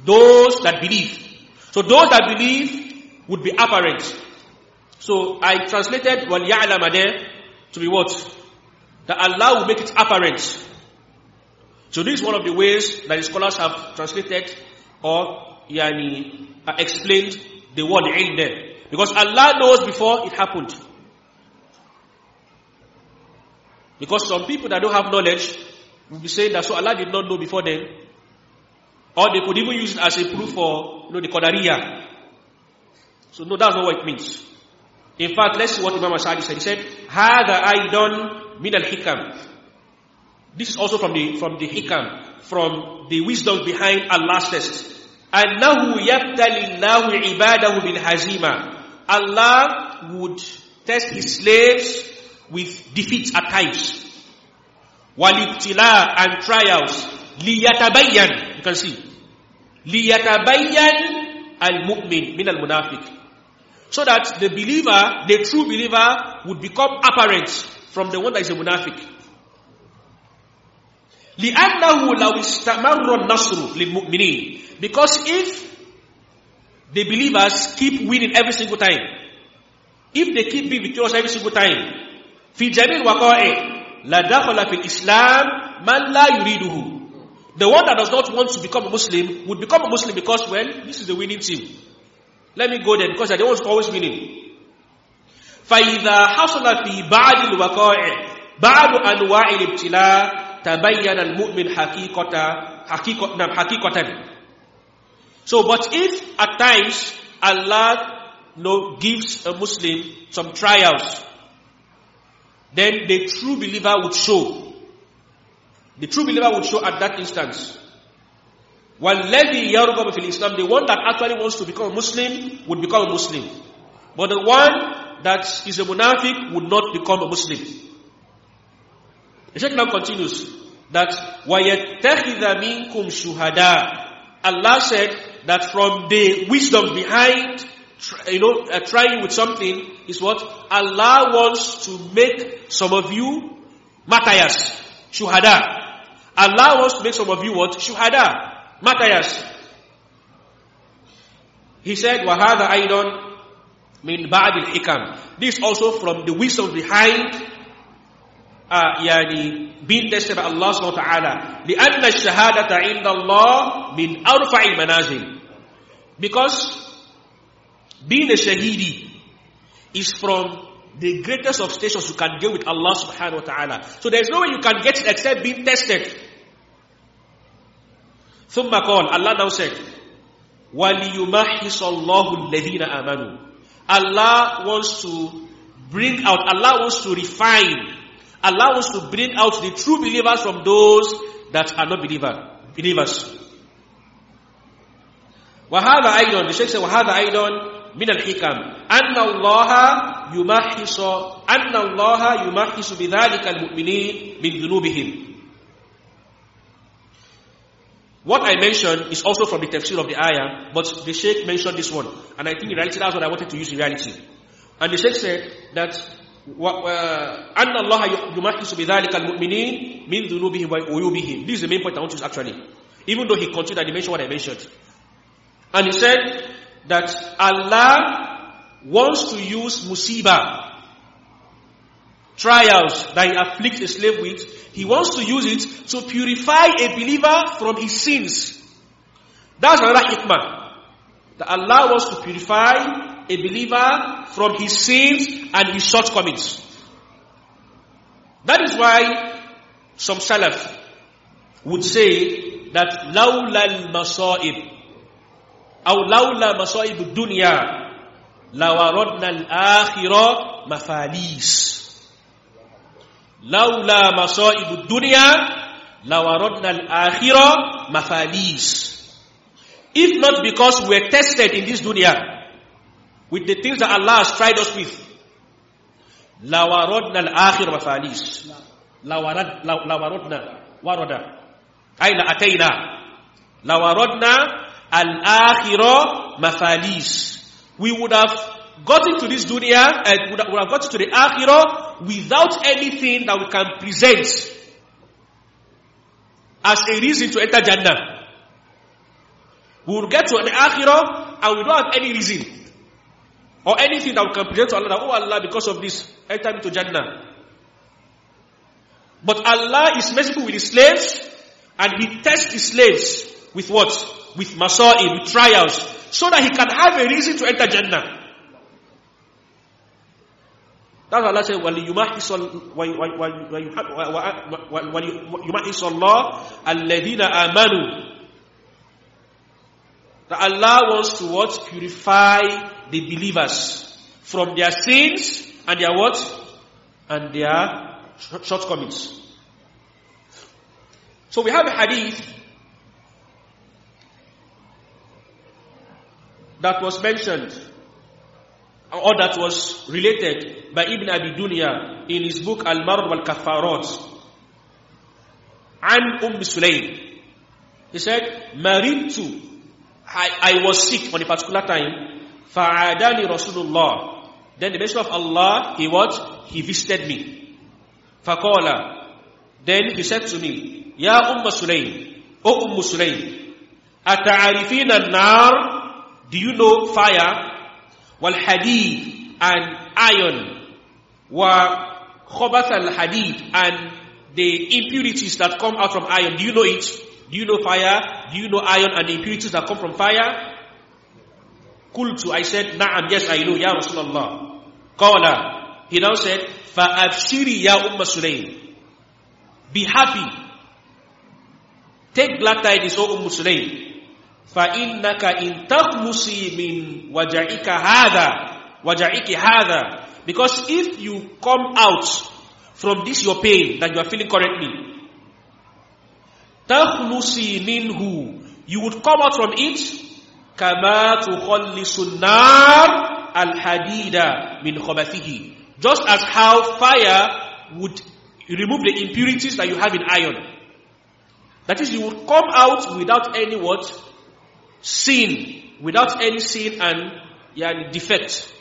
those that believe. So those that believe would be apparent. So I translated وَلْيَعْلَمَ there to be what? that Allah will make it apparent. So this is one of the ways that the scholars have translated or yani, uh, explained the word in them. Because Allah knows before it happened. Because some people that don't have knowledge will be saying that so Allah did not know before then, Or they could even use it as a proof for you know, the Qadariya. So no, that's not what it means. In fact, let's see what Imam Asadi said. He said, هَذَا أَيْضًا min al hikam. This is also from the from the hikam, from the wisdom behind Allah's test. أنه Nahu الله عباده hazima. Allah would test his slaves with defeats at times. Walibtila and trials. Liyatabayyan. You can see. Liyatabayyan al-mu'min min al-munafiq. So that the believer, the true believer would become apparent from the one that is a munafiq. لأنه لو استمر li للمؤمنين because if the believers keep winning every single time if they keep being victorious every single time في جميع وقائع لدخل في الإسلام من لا يريده the one that does not want to become a Muslim would become a Muslim because well this is the winning team let me go there because I don't always winning فإذا حصل في بعض الوقائع بعض أنواع الابتلاء تبين المؤمن حقيقة حقيقة نعم حقيقة So but if at times Allah you know, gives a Muslim some trials then the true believer would show the true believer would show at that instance والذي يرغب في Islam, the one that actually wants to become a Muslim would become a Muslim but the one that is a munafiq would not become a Muslim. The Sheikh now continues that وَيَتَّخِذَ مِنْكُمْ shuhada, Allah said that from the wisdom behind you know, uh, trying with something is what Allah wants to make some of you martyrs, shuhada. Allah wants to make some of you what shuhada, martyrs. He said, "Wahada aidon min ba'd al-hikam. This also from the wisdom behind uh, yani being tested by Allah subhanahu wa ta'ala. لأن الشهادة عند Allah من arfa'i المنازل. Because being a shahidi is from the greatest of stations you can get with Allah subhanahu wa ta'ala. So there's no way you can get it except being tested. ثم قال Allah now said وَلِيُمَحِّصَ اللَّهُ الَّذِينَ آمَنُوا Allah wants to bring out, Allah wants to refine, Allah wants to bring out the true believers from those that are not believer, believers. وهذا أيضا the Sheikh said وهذا أيضا من الحكم أن الله يمحص أن الله يمحص بذلك المؤمنين من ذنوبهم what I mentioned is also from the tafsir of the ayah, but the Sheikh mentioned this one. And I think in reality that's what I wanted to use in reality. And the Sheikh said that أن الله يمحص بذلك المؤمنين من ذنوبهم وعيوبهم. This is the main point I want to use actually. Even though he continued and he mentioned what I mentioned. And he said that Allah wants to use musibah trials that he afflicts a slave with, he wants to use it to purify a believer from his sins. That's another hikmah. That Allah wants to purify a believer from his sins and his shortcomings. That is why some salaf would say that لَوْلَا الْمَصَائِبِ أو لولا مصائب الدنيا al akhirah mafalis laula masaibu dunya lawaradna al-akhirah mafalis if not because we're tested in this dunya with the things that Allah has tried us with lawaradna al-akhirah mafalis lawaradna warada ay la atayna lawaradna al-akhirah mafalis we would have gotten to this dunya and eh, would have gotten to the akhirah without anything that we can present as a reason to enter Jannah. We will get to the akhirah and we don't have any reason or anything that we can present to Allah that, oh Allah, because of this, enter into to Jannah. But Allah is merciful with His slaves and He tests His slaves with what? With masai, with trials, so that He can have a reason to enter Jannah. That's Allah said, وَلِيُمَحِصَ اللَّهُ الَّذِينَ آمَنُوا That Allah wants to what? Purify the believers from their sins and their what? And their shortcomings. So we have a hadith that was mentioned all that was related by Ibn Abi Dunya in his book Al-Marud wal-Kafarat. An Umm Sulaym. He said, Marintu. I, I was sick on a particular time. Fa'adani Rasulullah. Then the Messenger of Allah, he what? He visited me. Faqala. Then he said to me, Ya Umm Sulaym. O Umm Sulaym. Ata'arifina nar. Do you know fire? والحديد and iron وخبث الحديد and the impurities that come out from iron. Do you know it? Do you know fire? Do you know iron and the impurities that come from fire? Kultu, I said, Na'am, yes, I know, Ya Rasulullah. Qala, he now said, Fa'abshiri Ya Umm Be happy. Take glad tidings, O Umm فَإِنَّكَ إِن تَغْمُسِي مِنْ وَجَعِكَ هَذَا وَجَعِكِ هَذَا Because if you come out from this your pain that you are feeling currently, تَغْمُسِي مِنْهُ You would come out from it كَمَا تُخَلِّصُ النَّارِ الْحَدِيدَ مِنْ خَبَثِهِ Just as how fire would remove the impurities that you have in iron. That is, you would come out without any what? sin, without any sin and defect.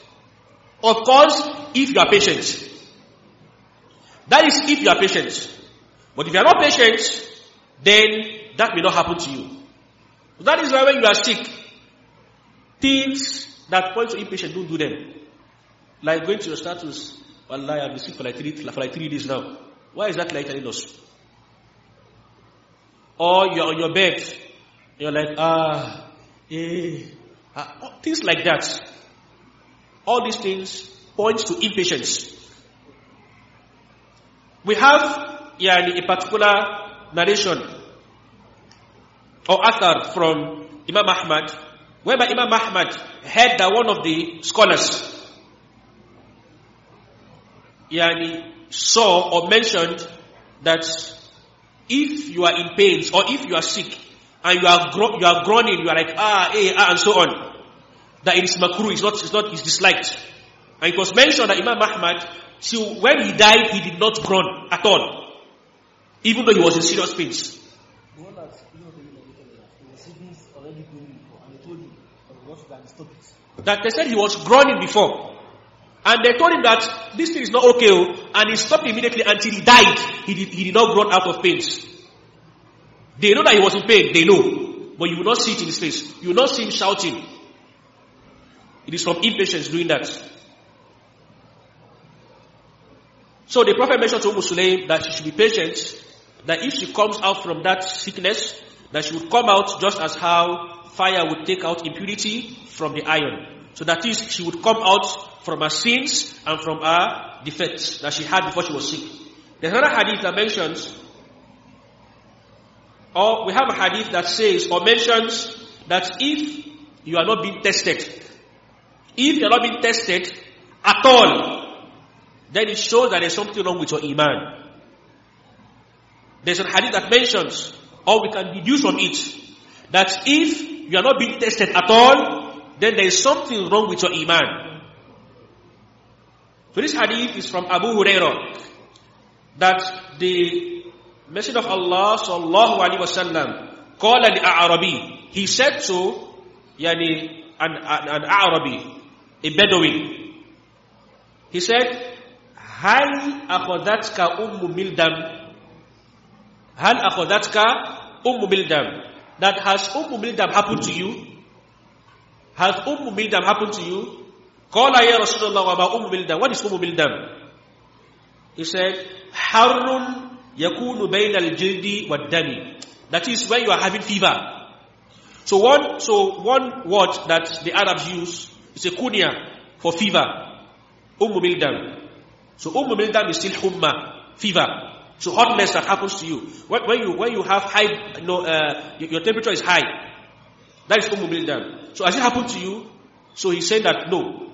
Of course, if you are patient. That is if you are patient. But if you are not patient, then that may not happen to you. That is why when you are sick, things that point to impatience, don't do them. Like going to your status, well, I've been sick for like, three, for like three days now. Why is that lightening us? Or you're on your bed, you're like, ah, uh, things like that. All these things point to impatience. We have yani, a particular narration or author from Imam Ahmad, whereby Imam Ahmad heard that one of the scholars yani, saw or mentioned that if you are in pains or if you are sick, and you are gro- you are groaning, you are like ah, eh, ah, and so on. That it is makruh, it's not, it's not, it's disliked. And it was mentioned that Imam Ahmad, so when he died, he did not groan at all, even though he was in serious pains. That they said he was groaning before. And they told him that this thing is not okay, oh, and he stopped immediately until he died. He did, he did not groan out of pains. They know that he was in pain, they know. But you will not see it in his face. You will not see him shouting. It is from impatience doing that. So the Prophet mentioned to Umm Sulaim that she should be patient, that if she comes out from that sickness, that she would come out just as how fire would take out impurity from the iron. So that is, she would come out from her sins and from her defects that she had before she was sick. The another hadith that mentions or we have a hadith that says or mentions that if you are not being tested, if you are not being tested at all, then it shows that there's something wrong with your iman. There's a hadith that mentions, or we can deduce from it, that if you are not being tested at all, then there is something wrong with your iman. So this hadith is from Abu Hurairah that the Messenger of Allah sallallahu alaihi wasallam called an Arabi. He said to yani an, an, an Arabi, a Bedouin. He said, هل أخذتك أم ملدم هل أخذتك أم ملدم That has أم ملدم happened to you? Has أم ملدم happened to you? قال يا Rasulullah wa وما أم ملدم What is أم ملدم? He said حر yakunu bainal jildi wad dami. That is when you are having fever. So one, so one word that the Arabs use is a kunya for fever. Ummu mildan. So ummu mildan is still humma, fever. So hotness that happens to you. When, when you, when you have high, you know, uh, your temperature is high. That is ummu mildan. So has it happened to you? So he said that no.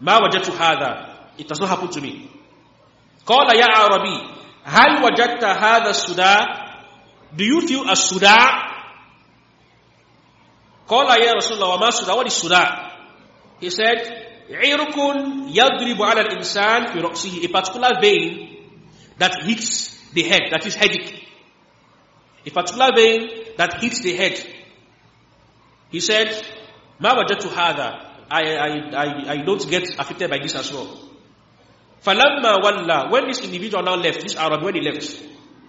Ma wajatu hadha. It does not happen to me. Qala ya Arabi. هل وجدت هذا السداء Do you feel a suda? قال يا رسول الله وما السداء What is suda? He said عرق يضرب على الإنسان في رأسه A particular vein that hits the head That is headache A particular vein that hits the head He said ما وجدت هذا I, I, I, I don't get affected by this as well Falamma walla, when this individual now left, this Arab, when he left,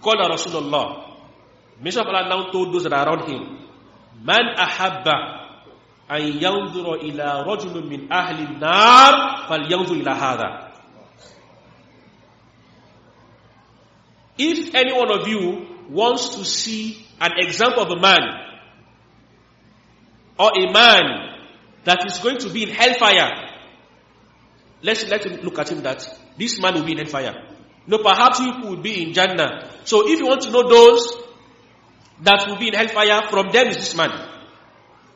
called Rasulullah. Messenger of Allah now told those that are around him, Man ahabba an yanzura ila rajulun min ahli nar fal yanzur ila hadha. If any one of you wants to see an example of a man or a man that is going to be in hellfire, let's let him look at him that this man will be in hellfire. No, perhaps you will be in Jannah. So if you want to know those that will be in hellfire, from them is this man.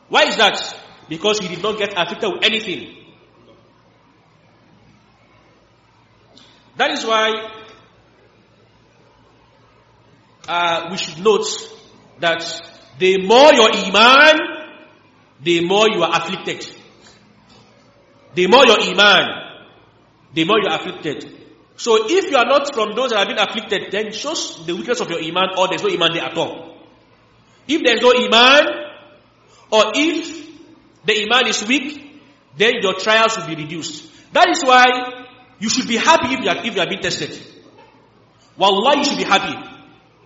Why is that? Because he did not get affected with anything. That is why uh, we should note that the more your iman, the more you are afflicted. The more your iman, the more you're afflicted. So if you are not from those that have been afflicted, then shows the weakness of your iman or there's no iman there at all. If there's no iman, or if the iman is weak, then your trials will be reduced. That is why you should be happy if you are, if you are being tested. Wallah, you should be happy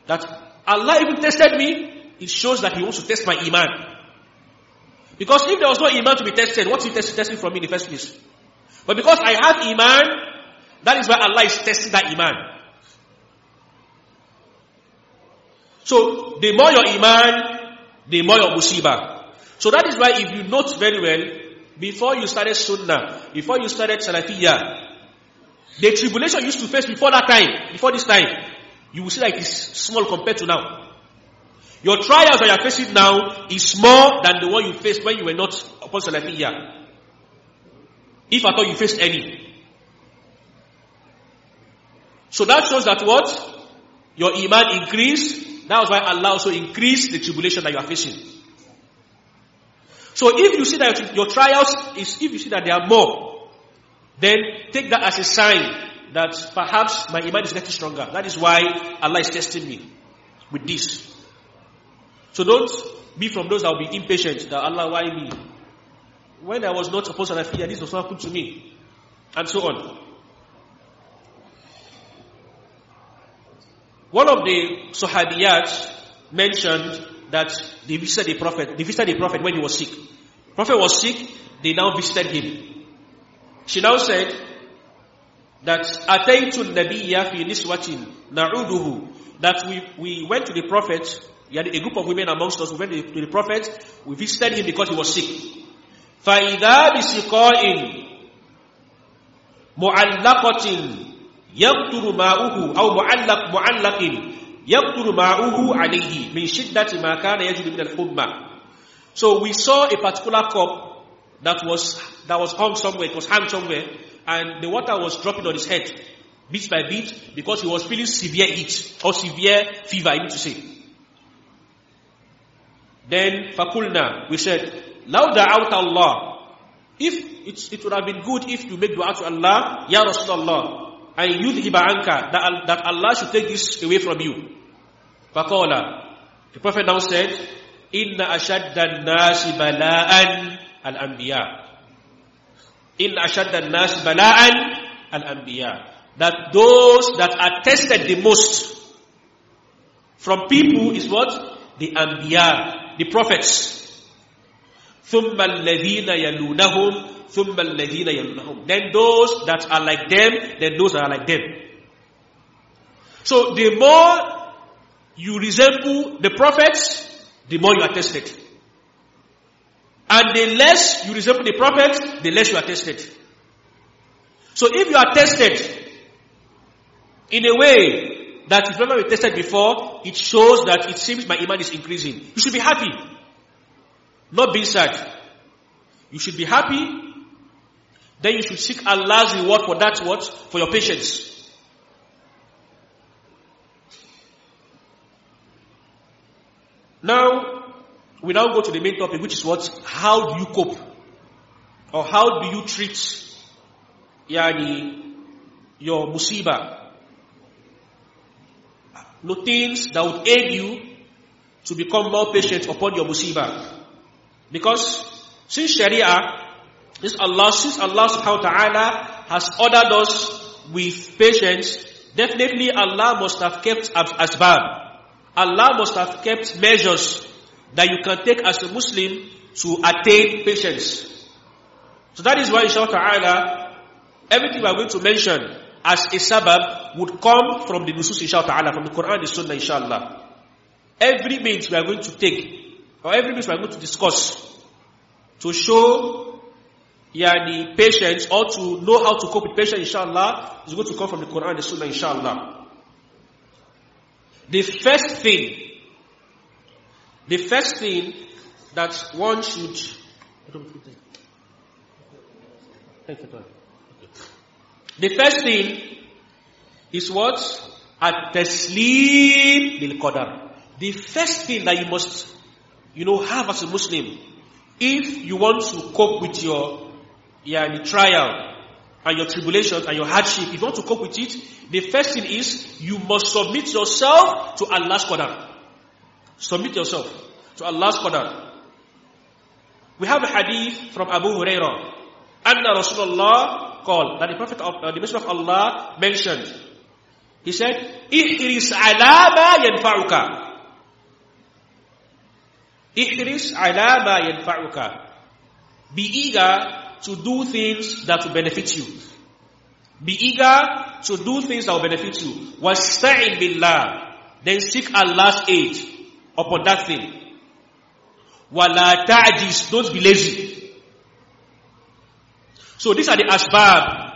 that Allah even tested me. It shows that He wants to test my iman. Because if there was no iman to be tested, what's He tested, from me in the first place? But because I have Iman, that is why Allah is testing that Iman. So the more your Iman, the more your musibah. So that is why if you note very well, before you started Sunnah, before you started Salafiyah, the tribulation used to face before that time, before this time, you will see that it is small compared to now. Your trials that you are facing now is more than the one you faced when you were not upon Salafiyah if at all you faced any. So that shows that what? Your iman increased. That was why Allah also increased the tribulation that you are facing. So if you see that your trials is, if you see that there are more, then take that as a sign that perhaps my iman is getting stronger. That is why Allah is testing me with this. So don't be from those that will be impatient that Allah, why me? when I was not supposed to fear, this was also happened to me, and so on. One of the Sahabiyat mentioned that they visited the Prophet, they visited the Prophet when he was sick. Prophet was sick, they now visited him. She now said that Ataytu Nabiya fi niswatin na'uduhu that we, we went to the Prophet, we had a group of women amongst us, we went to the Prophet, we visited him because he was sick. فإذا بسقاء معلقة يقطر ماؤه أو معلق معلق يقطر ماؤه عليه من شدة ما كان يجد من الحمى So we saw a particular cup that was that was hung somewhere, it was hung somewhere, and the water was dropping on his head, bit by bit, because he was feeling severe heat or severe fever, I need to say. Then Fakulna, we said, لو دعوت Allah, if it, it, would have been good if you make dua to Allah, Ya Rasulullah, and yudhiba anka, that, that Allah should take this away from you. Faqala, the Prophet now said, Inna ashadda nasi bala'an al-anbiya. Inna ashadda nasi bala'an al-anbiya. That those that are tested the most from people is what? The anbiya, the prophets. ثم الذين يلونهم ثم الذين يلونهم then those that are like them then those that are like them so the more you resemble the prophets the more you are tested and the less you resemble the prophets the less you are tested so if you are tested in a way that you've never been tested before, it shows that it seems my iman is increasing. You should be happy not being sad. You should be happy. Then you should seek Allah's reward for that what? For your patience. Now, we now go to the main topic, which is what? How do you cope? Or how do you treat yani, your musiba? No things that would aid you to become more patient upon your musiba. Because since Sharia, since Allah, since Allah subhanahu wa ta'ala has ordered us with patience, definitely Allah must have kept asbab. Allah must have kept measures that you can take as a Muslim to attain patience. So that is why, inshallah ta'ala, everything we are going to mention as a sabab would come from the Nusus, inshallah ta'ala, from the Quran, the Sunnah, inshallah. Every means we are going to take every week we are going to discuss to show yeah the patience or to know how to cope with patience, inshallah, is going to come from the Quran and the Sunnah, inshallah. The first thing, the first thing that one should. The first thing is what? At sleep bil qadar. The first thing that you must you know, have as a Muslim. If you want to cope with your yeah, trial and your tribulations and your hardship, if you want to cope with it, the first thing is you must submit yourself to Allah's qadar. Submit yourself to Allah's qadar. We have a hadith from Abu Hurairah. the Rasulullah called, that the Prophet of, uh, the Messenger of Allah mentioned. He said, إِحْرِسْ ala ma Ihris alaba yanfa'uka. Be eager to do things that will benefit you. Be eager to do things that will benefit you. Wasta'in billah. Then seek Allah's aid upon that thing. Wala ta'jis. Don't be lazy. So these are the asbab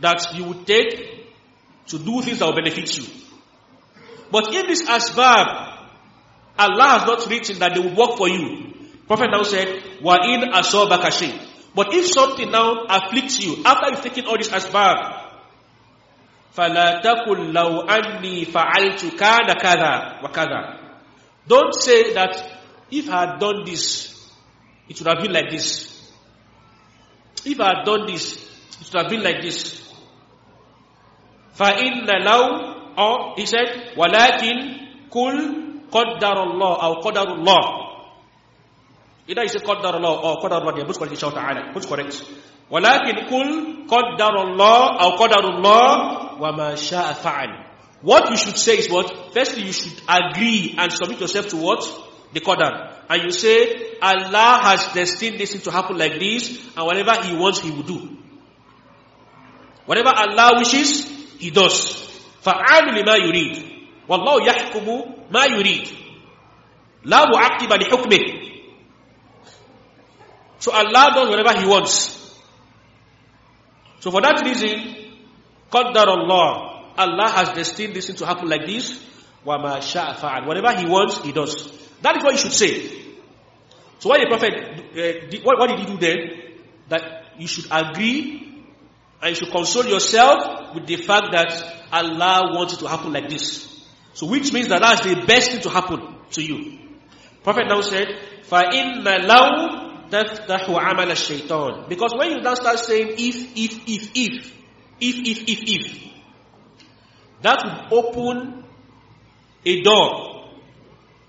that you would take to do things that will benefit you. But in this asbab, Allah has not written that they will work for you. Prophet now said, Wa in asobaka shay. But if something now afflicts you after you've taken all this asbab, وَكَذَا Don't say that if I had done this, it would have been like this. If I had done this, it would have been like this. فَإِنَّ لَوْ Or, he said, وَلَكِنْ كُلْ Qaddarullah or Qadarullah. Either you say Qaddarullah or Qaddarullah, they are both correct, inshallah ta'ala, both correct. ولكن قل قدر الله أو قدر الله وما شاء What you should say is what? Firstly, you should agree and submit yourself to what? The Qadar. And you say, Allah has destined this thing to happen like this, and whatever He wants, He will do. Whatever Allah wishes, He does. فَعَالُ لِمَا يُرِيدُ والله يحكم ma يريد la معقب لحكمه so Allah does whatever He wants so for that reason قدر Allah, Allah has destined this thing to happen like this وما شاء فعل whatever He wants He does that is what you should say so what the prophet uh, eh, did, what, what did he do then that you should agree and you should console yourself with the fact that Allah wants it to happen like this so which means that that's the best thing to happen to you. Prophet now said, فَإِنَّ لَوْ تَفْتَحُ عَمَلَ الشَّيْطَانِ Because when you now start saying if, if, if, if, if, if, if, if, that would open a door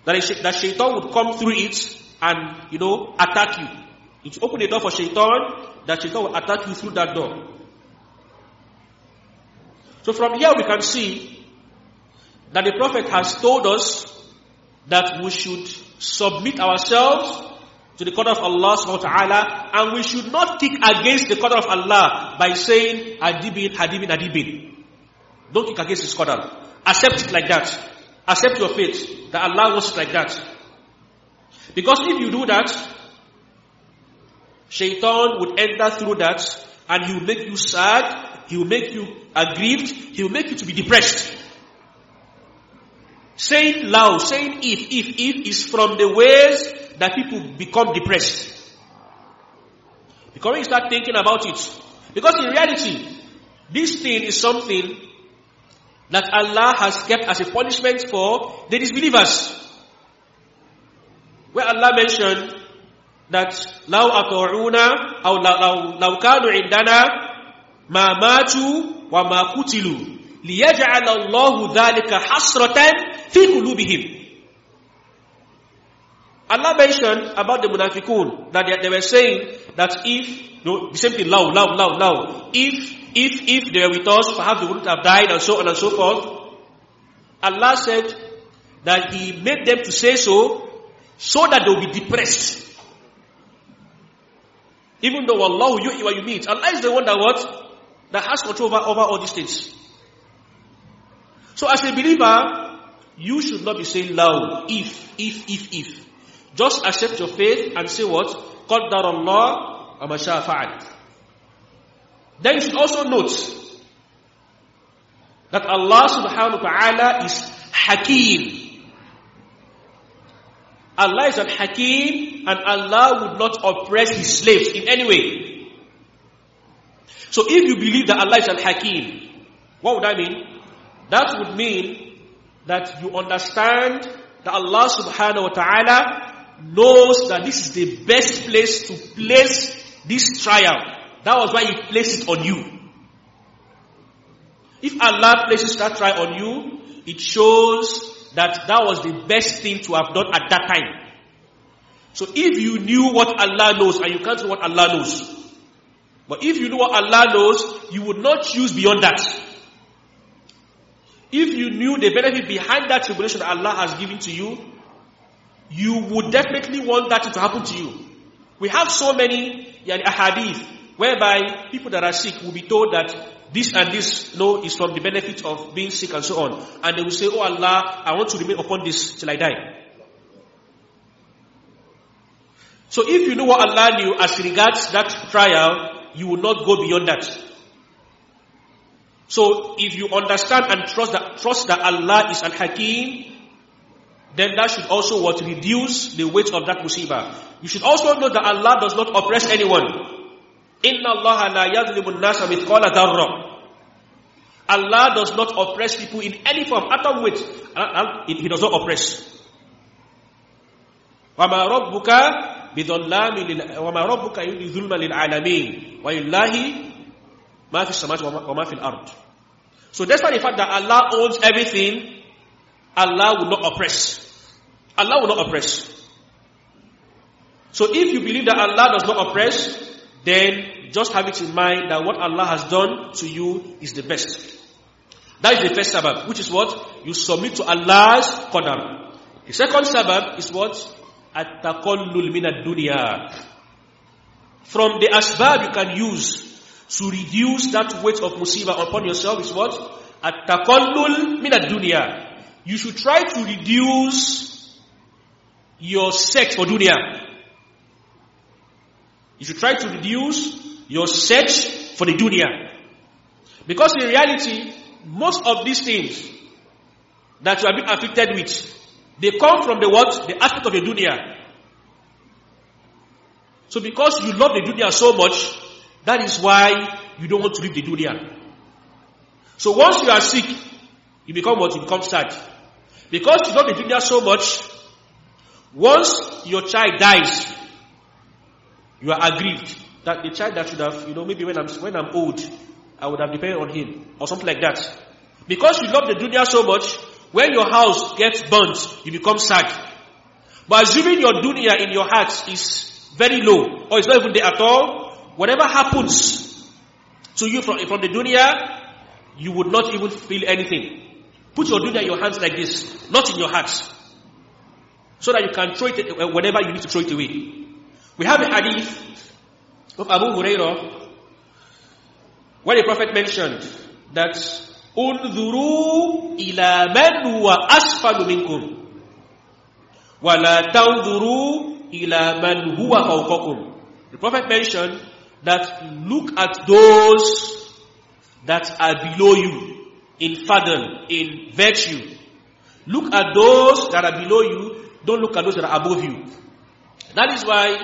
that, a, that shaitan would come through it and, you know, attack you. It you open a door for shaitan that shaitan will attack you through that door. So from here we can see that the Prophet has told us that we should submit ourselves to the court of Allah subhanahu wa ta'ala and we should not kick against the court of Allah by saying adibin, adibin, adibin. Don't kick against his qadr. Accept it like that. Accept your fate that Allah wants it like that. Because if you do that, shaitan would enter through that and he will make you sad, he will make you aggrieved, he will make you to be depressed. Saying loud, saying if, if, if is from the ways that people become depressed. Because when you start thinking about it, because in reality, this thing is something that Allah has kept as a punishment for the disbelievers. Where Allah mentioned that لو أطعونا أو لو, لو كانوا عندنا ما wa ma kutilu. ليجعل الله ذلك حسرة في قلوبهم Allah mentioned about the munafiqun that they, they, were saying that if no, the same thing loud, loud, loud, loud. If if if they were with us, perhaps they wouldn't have died and so on and so forth. Allah said that He made them to say so, so that they will be depressed. Even though Allah you you meet, Allah is the one that what that has control over, over all these things. So as a believer, you should not be saying loud, if, if, if, if. Just accept your faith and say what? Qaddar Allah amashafa'at. Then you should also note that Allah subhanahu wa ta'ala is Hakim. Allah is an Hakim and Allah would not oppress his slaves in any way. So if you believe that Allah is an Hakim, what would that mean? That would mean that you understand that Allah subhanahu wa ta'ala knows that this is the best place to place this trial. That was why He placed it on you. If Allah places that trial on you, it shows that that was the best thing to have done at that time. So if you knew what Allah knows, and you can't know what Allah knows, but if you know what Allah knows, you would not choose beyond that. If you knew the benefit behind that tribulation Allah has given to you, you would definitely want that to happen to you. We have so many yani, ahadith whereby people that are sick will be told that this and this you no know, is from the benefit of being sick and so on. And they will say, Oh Allah, I want to remain upon this till I die. So if you know what Allah knew as regards that trial, you will not go beyond that. So if you understand and trust that, trust that Allah is Al-Hakim, then that should also what reduce the weight of that musibah. You should also know that Allah does not oppress anyone. Inna Allah la yadlimu nasa mithqala Allah does not oppress people in any form, atom weight. He does not oppress. وما ربك ma لل... وما ربك يذلم للعالمين ولله so despite the fact that Allah owns everything, Allah will not oppress. Allah will not oppress. So if you believe that Allah does not oppress, then just have it in mind that what Allah has done to you is the best. That is the first sabbath, which is what? You submit to Allah's qadar. The second sabbath is what? At-taqallul min dunya From the asbab you can use to reduce that weight of Musiba upon yourself is what? At-takallul dunya You should try to reduce your search for dunya. You should try to reduce your search for the dunya. Because in reality, most of these things that you have been afflicted with, they come from the what? The aspect of the dunya. So because you love the dunya so much, that is why you don't want to leave the dunya. So once you are sick, you become what? You become sad. Because you love the dunya so much, once your child dies, you are aggrieved that the child that should have, you know, maybe when I'm, when I'm old, I would have depended on him or something like that. Because you love the dunya so much, when your house gets burnt, you become sad. But assuming your dunya in your heart is very low or it's not even there at all, Whatever happens to you from, from the dunya, you would not even feel anything. Put your dunya in your hands like this, not in your heart. So that you can throw it uh, whenever you need to throw it away. We have a hadith of Abu Hurairah where the Prophet mentioned that Unzuru ila man wa asfalu minkum wa la ila man huwa kaukum." The Prophet mentioned that look at those that are below you in fathom, in virtue. Look at those that are below you. Don't look at those that are above you. That is why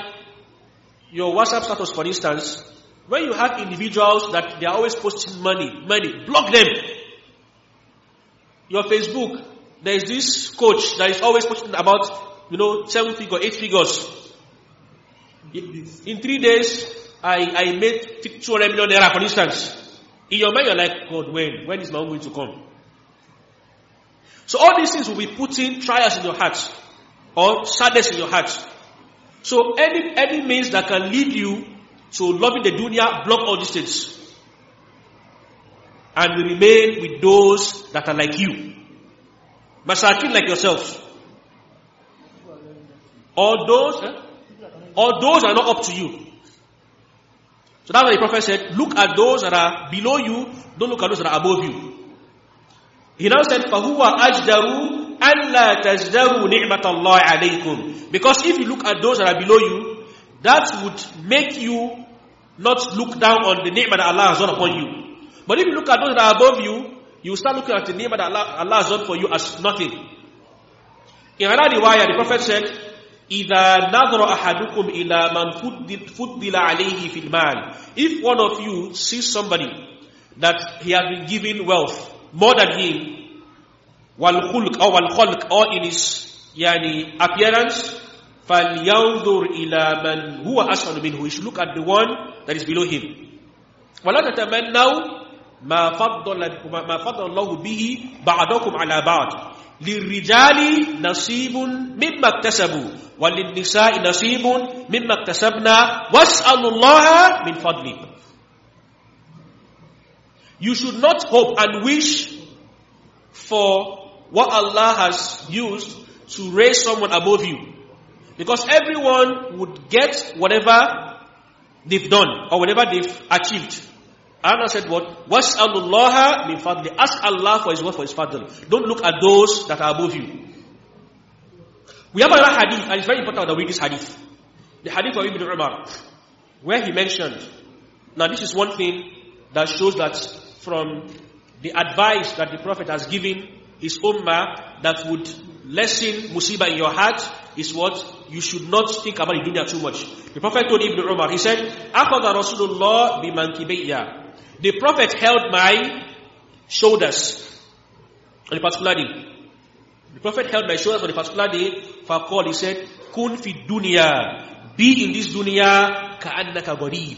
your WhatsApp status, for instance, when you have individuals that they are always posting money, money, block them. Your Facebook, there is this coach that is always posting about, you know, seven figures, eight figures. In three days, I, I made 200 million naira, for instance. In your mind, you're like, God, when? When is my own going to come? So all these things will be putting trials in your heart or sadness in your heart. So any, any means that can lead you to loving the dunya, block all these things. And we remain with those that are like you. Masakin like yourselves. All those, eh? all those are not up to you. So that's why the prophet said, Look at those that are below you, don't look at those that are above you. He now said, فَهُوَ أَجْدَرُ أَلَّا تَجْدَرُ نِعْمَةَ اللَّهِ عَلَيْكُمْ Because if you look at those that are below you, that would make you not look down on the name that Allah has done upon you. But if you look at those that are above you, you start looking at the name that Allah, Allah has done for you as nothing. In another riwayah, the Prophet said, إذا نظر أحدكم إلى من فضل عليه في المال if one of you sees somebody that he has been given wealth more than him والخلق أو الخلق or in his يعني appearance فلينظر إلى من هو أسفل منه he should look at the one that is below him ولا تتمنوا ما فضل ما فضل الله به بعضكم على بعض You should not hope and wish for what Allah has used to raise someone above you. Because everyone would get whatever they've done or whatever they've achieved. Anna said what? Allah, min fadli. Ask Allah for his word, for his father. Don't look at those that are above you. We have another hadith, and it's very important that we read this hadith. The hadith of Ibn Umar, where he mentioned, now this is one thing that shows that from the advice that the Prophet has given his ummah that would lessen musibah in your heart is what you should not think about the dunya too much. The Prophet told Ibn Umar, he said, أَخَذَ رَسُولُ اللَّهِ بِمَنْكِبَيَّ the Prophet held my shoulders on a particular day. The Prophet held my shoulders on a particular day. call. he said, Kun fi dunya. Be in this dunya ka'annaka gharib.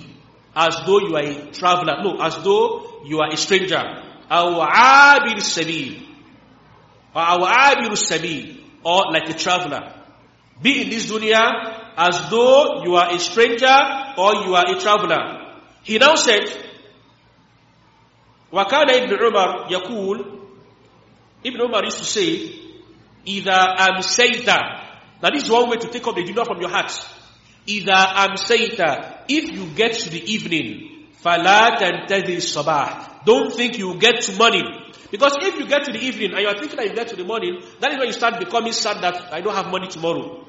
As though you are a traveler. No, as though you are a stranger. Aw sabi, sabil. Aw abir sabil. Or like a traveler. Be in this dunya as though you are a stranger or you are a traveler. He now said, وكان ابن عمر يقول ابن عمر used to say إذا أمسيت that is one way to take up the dunya from your heart إذا أمسيت if you get to the evening فلا تنتظر الصباح don't think you get to morning because if you get to the evening and you are thinking that you get to the morning that is when you start becoming sad that I don't have money tomorrow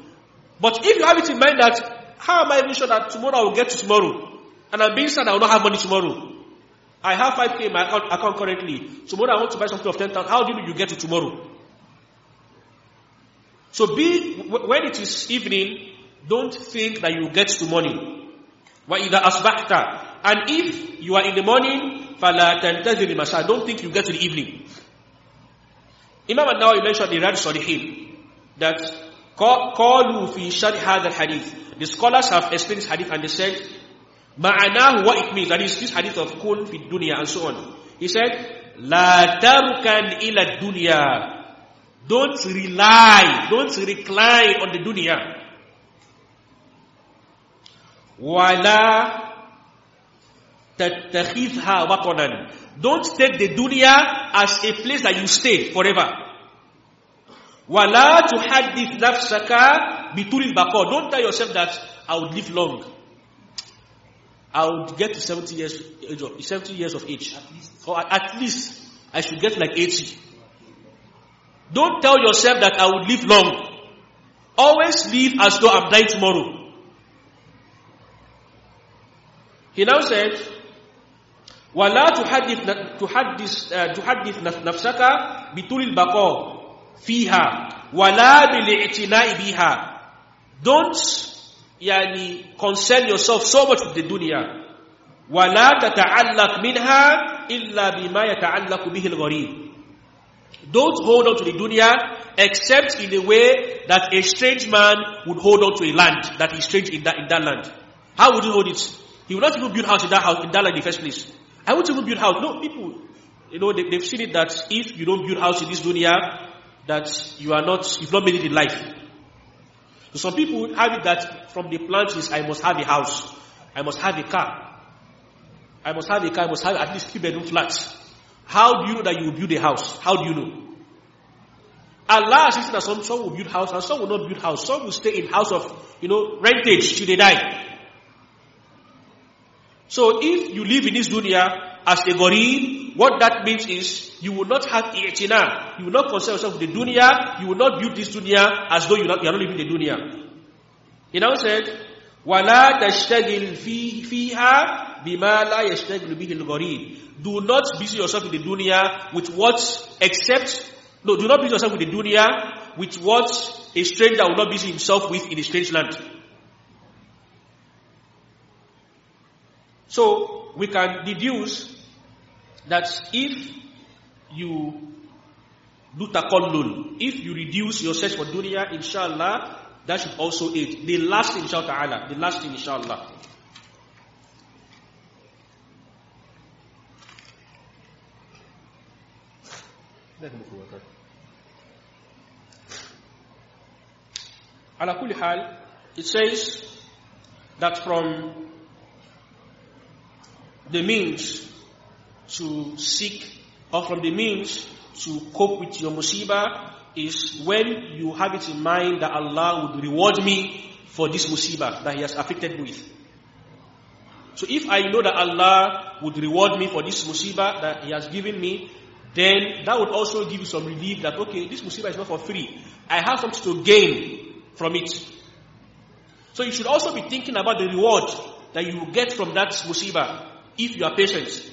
but if you have it in mind that how am I even sure that tomorrow I will get to tomorrow and I'm being sad I will not have money tomorrow I have 5k in my account, currently. Tomorrow I want to buy something of 10,000. How do you you get to tomorrow? So be, when it is evening, don't think that you get to morning. وَإِذَا أَصْبَحْتَ And if you are in the morning, فَلَا تَنْتَذِرِ مَسَى Don't think you get to the evening. Imam al-Nawawi mentioned the Rad Salihin that قَالُوا fi شَرْحَ hadith. The scholars have explained this hadith and they said Ma'anahu what it means. That is this hadith of kun fi dunya and so on. He said, La tarukan ila dunya. Don't rely, don't recline on the dunya. Wala tattakhidha waqanan. Don't take the dunya as a place that you stay forever. Wala tuhaddith nafsaka bituril baqar. Don't tell yourself that I would live long. I would get to 70 years, of, 70 years of age. At least. Or at least I should get like 80. Don't tell yourself that I would live long. Always live as though I'm dying tomorrow. He now said, وَلَا تُحَدِّثْ تُحَدِّثْ نَفْسَكَ بِطُولِ الْبَقَاءِ فِيهَا وَلَا بِالْإِعْتِنَاءِ بِهَا Don't yani, concern yourself so much with the dunya. وَلَا تَتَعَلَّقْ مِنْهَا إِلَّا بِمَا يَتَعَلَّقُ بِهِ الْغَرِيبُ Don't hold on to the dunya except in a way that a strange man would hold on to a land that is strange in that, in that land. How would he hold it? He would not even build house in that house in that land in the first place. I wouldn't even build house. No, people, you know, they, have seen it that if you don't build house in this dunya, that you are not, you've not made it in life. So some people would have it that from the plant is I must have a house, I must have a car, I must have a car, I must have at least three bedroom flats. How do you know that you will build a house? How do you know? Allah says that some, some will build house and some will not build house. Some will stay in house of, you know, rentage till they die. So if you live in this dunya, as a gharib, what that means is you will not have dunya. You will not concern yourself with the dunya. You will not view this dunya as though you are not, living the dunya. He now said, وَلَا تَشْتَغِلْ fiha bima la Do not busy yourself with the dunya with what except, no, do not busy yourself with the dunya with what a stranger will not busy himself with in a strange land. So, we can deduce that if you do takallul, if you reduce your search for dunya, inshallah, that should also aid. The last inshallah the last inshallah. Ala it says that from the means to seek or from the means to cope with your musiba is when you have it in mind that Allah would reward me for this musiba that He has afflicted me with. So if I know that Allah would reward me for this musiba that He has given me, then that would also give you some relief that, okay, this musiba is not for free. I have something to gain from it. So you should also be thinking about the reward that you will get from that musiba if you are patient.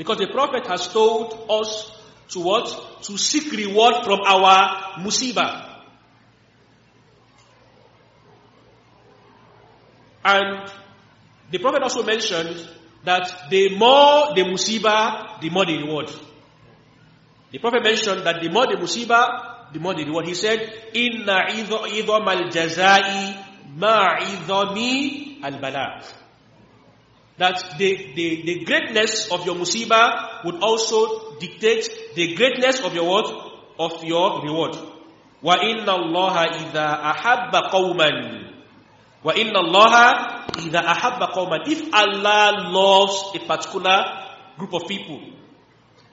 Because the Prophet has told us to what? To seek reward from our musiba, And the Prophet also mentioned that the more the musiba, the more the reward. The Prophet mentioned that the more the musiba, the more the reward. He said, Inna idham al jazai ma'idhami al bala that the, the, the greatness of your musibah would also dictate the greatness of your what? Of your reward. وَإِنَّ اللَّهَ إِذَا أَحَبَّ قَوْمًا وَإِنَّ اللَّهَ إِذَا أَحَبَّ قَوْمًا If Allah loves a particular group of people,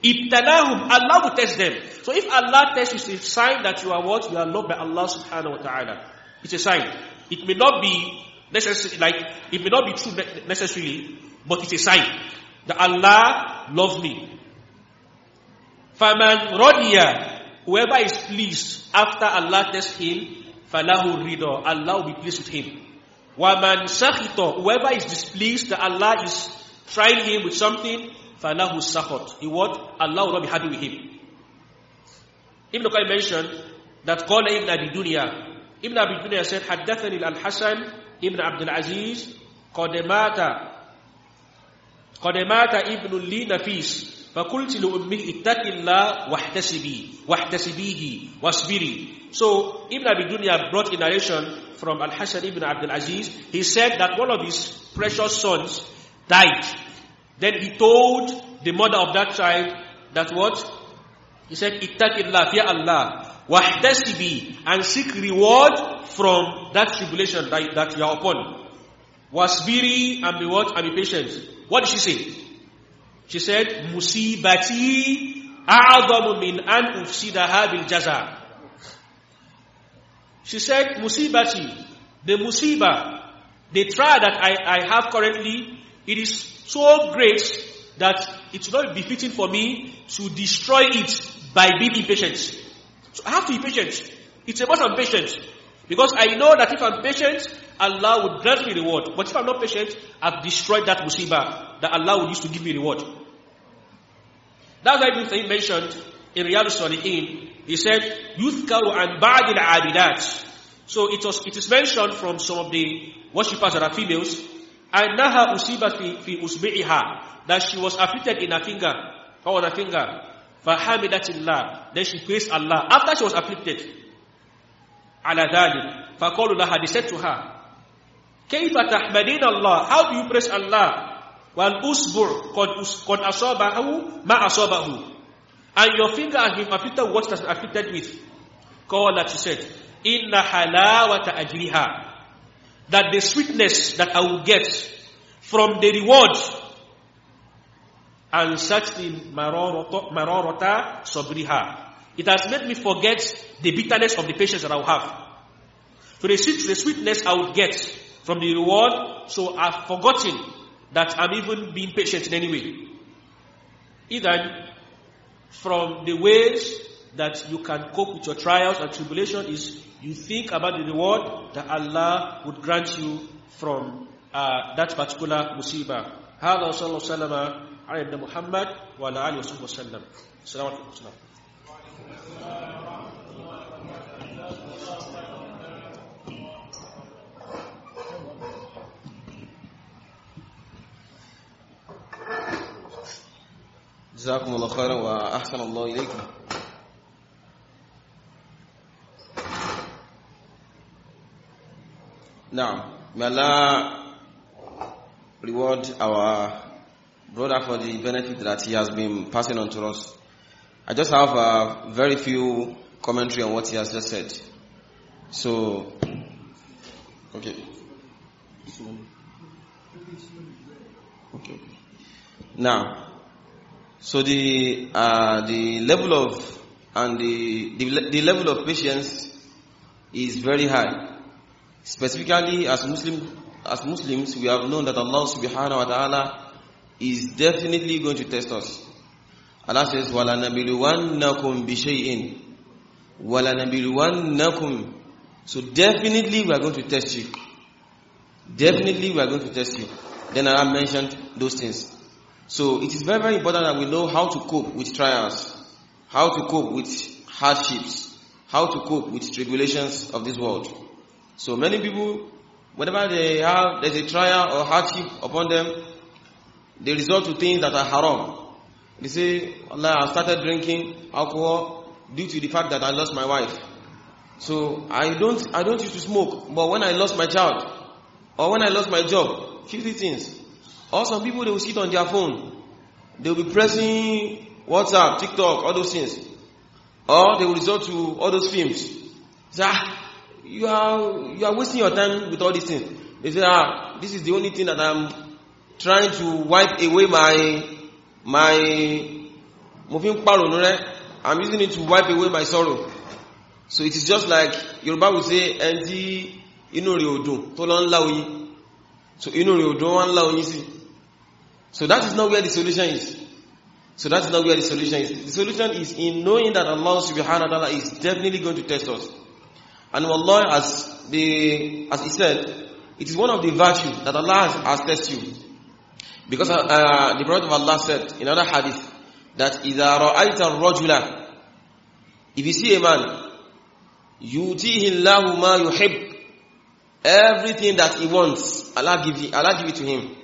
Ibtanahum, Allah will test them. So if Allah tests you, it's a sign that you are what? You are loved by Allah subhanahu wa ta'ala. It's a sign. It may not be Necessarily, like, it may not be true necessarily, but it's a sign that Allah loves me. Faman رَضِيَ Whoever is pleased after Allah tests him, فَلَهُ رِضَى Allah will be pleased with him. وَمَنْ سَخِطَ Whoever is displeased that Allah is trying him with something, فَلَهُ سَخَطْ He what? Allah will not be happy with him. Ibn Qayyim mentioned that قال ابن أبي دنيا Ibn أبي دنيا said حدثني الحسن ibn Abdul Aziz قد مات ibn مات ابن لي نفيس فقلت لأمه اتق الله واحتسبي واحتسبيه واصبري So Ibn Abi Dunya brought a narration from Al-Hasan ibn Abdul Aziz. He said that one of his precious sons died. Then he told the mother of that child that what? He said, Ittaqillah, fear Allah, wahtasibi, and seek reward from that tribulation that, that you are upon. Wasbiri and be what? And be patient. What did she say? She said, Musibati a'adamu min an ufsidaha bil jaza. She said, Musibati, the musiba, the trial that I, I have currently, it is so great that it will not be fitting for me to destroy it by being impatient. So I have to be patient. It's about patience. Because I know that if I'm patient, Allah would grant me reward. But if I'm not patient, I've destroyed that musibah that Allah would use to give me reward. That's why Ibn Taymiyyah mentioned in Riyadh Salihin, he said, Yuthkaru an ba'dil abidat. So it, was, it is mentioned from some of the worshippers that are females, Annaha usibat fi, fi usbi'iha, that she was afflicted in her finger, or on her finger. Fahamidatillah, then she praised Allah after she was afflicted. على ذلك فقالوا لها they said to her كيف تحمدين الله how do you praise Allah والأسبوع قد قد أصابه ما أصابه and your finger has been afflicted what it has been afflicted with قالت she said إن حلاوة أجرها that the sweetness that I will get from the reward and such the marorota sabriha It has made me forget the bitterness of the patience that I will have. So the, sweet, the sweetness I would get from the reward, so I've forgotten that I'm even being patient in any way. Either from the ways that you can cope with your trials and tribulation is you think about the reward that Allah would grant you from uh, that particular musibah. هذا صلى الله عليه وسلم على ابن محمد جزاكم الله خيرا وأحسن الله إليكم Now, may Allah reward our brother for the benefit that he has been passing on to us. I just have a uh, very few commentary on what he has just said. So, okay. Okay. Now, so the uh, the level of and the, the the level of patience is very high. Specifically, as Muslim as Muslims, we have known that Allah Subhanahu wa Taala is definitely going to test us. Allah says, bi Shay'in, wala بِشَيْءٍ وَلَنَبِلُوَنَّكُمْ So definitely we are going to test you. Definitely we are going to test you. Then Allah mentioned those things. So it is very, very important that we know how to cope with trials, how to cope with hardships, how to cope with tribulations of this world. So many people, whenever they have, there's a trial or hardship upon them, they resort to things that are haram, they say, Allah, I started drinking alcohol due to the fact that I lost my wife. So I don't, I don't used to smoke, but when I lost my child, or when I lost my job, fifty things. Or some people they will sit on their phone, they will be pressing WhatsApp, TikTok, all those things, or they will resort to all those films. Say, ah, you are you are wasting your time with all these things. They say, ah, this is the only thing that I'm trying to wipe away my my moving fi on rẹ i'm using it to wipe away my sorrow so it is just like Yorùbá will say ẹni tí inú rẹ̀ òdùn tó so inori odo òdùn lawi sí so that is not where the solution is so that is not where the solution is the solution is in knowing that Allah subhanahu wa ta'ala is definitely going to test us and Allah as the as he said it is one of the virtues that Allah has, has tested you Because uh, uh, the Prophet of Allah said in another hadith that إِذَا رَأَيْتَ الرَّجُلَ If you see a man, يُؤْتِيهِ اللَّهُ مَا يُحِبُّ Everything that he wants, Allah give Allah give it to him.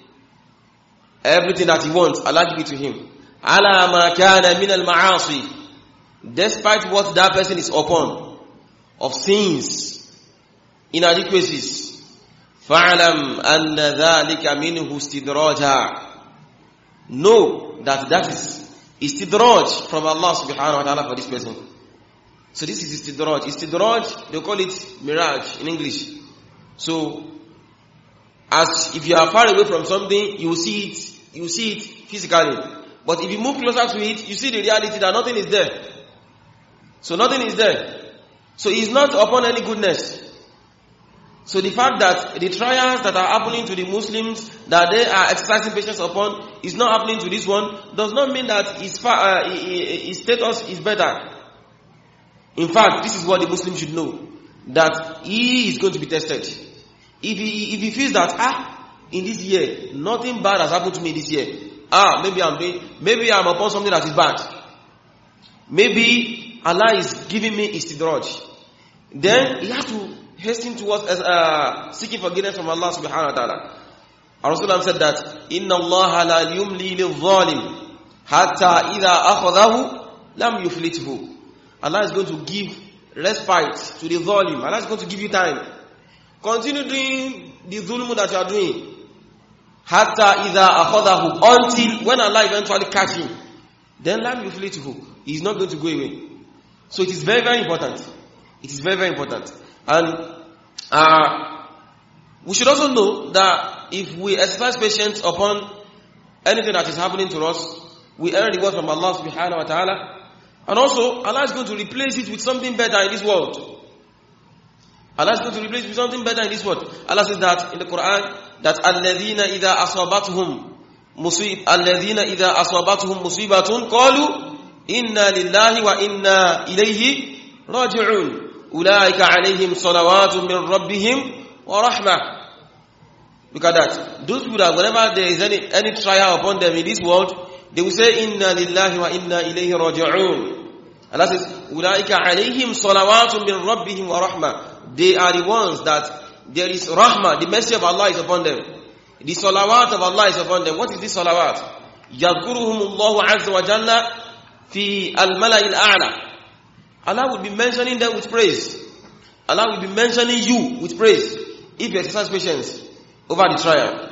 Everything that he wants, Allah give it to him. عَلَى مَا كَانَ مِنَ الْمَعَاصِي Despite what that person is upon, of sins, inadequacies, فَعْلَمْ أَنَّ ذَلِكَ مِنْهُ اسْتِدْرَاجًا Know that that is istidraj from Allah subhanahu wa ta'ala for this person. So this is istidraj. Istidraj, they call it mirage in English. So, as if you are far away from something, you see it, you see it physically. But if you move closer to it, you see the reality that nothing is there. So nothing is there. So it's not upon any goodness. So the fact that the trials that are happening to the Muslims that they are exercising patience upon is not happening to this one does not mean that his, uh, his status is better. In fact, this is what the Muslim should know that he is going to be tested. If he if he feels that ah in this year nothing bad has happened to me this year ah maybe I'm doing maybe I'm upon something that is bad maybe Allah is giving me istidraj then he has to hasten towards uh, seeking forgiveness from Allah subhanahu wa ta'ala. Our Rasulullah said that, إِنَّ اللَّهَ لَا يُمْلِي لِلظَّالِمِ حَتَّى إِذَا أَخَذَهُ لَمْ يُفْلِتْهُ Allah is going to give respite to the volume. Allah is going to give you time. Continue doing the zulm that you are doing. Hatta idha akhadahu. Until when Allah eventually catches you. Then lam yuflituhu. He is not going to go away. So it is very, very important. It is very, very important. And uh, we should also know that if we express patience upon anything that is happening to us, we earn reward from Allah subhanahu wa ta'ala. And also, Allah is going to replace it with something better in this world. Allah is going to replace it with something better in this world. Allah says that in the Quran, that الَّذِينَ إِذَا أَصَابَتْهُم مُصِيبَ الَّذِينَ إِذَا أَصَابَتْهُم مُصِيبَةٌ قَالُوا إِنَّا لِلَّهِ وَإِنَّا إِلَيْهِ رَاجِعُونَ أولئك عليهم صلوات من ربهم ورحمة Look at that. Those people that whenever there is any, any trial upon them in this world, they will say, Inna lillahi wa inna ilayhi raja'un. Allah says, Ulaika alayhim عليهم صلوات rabbihim wa rahma. They are the ones that there is rahma, the mercy of Allah is upon them. The salawat of Allah is upon them. What is this salawat? azza wa jalla fi al-mala'il a'la. Allah will be mentioning them with praise. Allah will be mentioning you with praise if you exercise patience over the trial.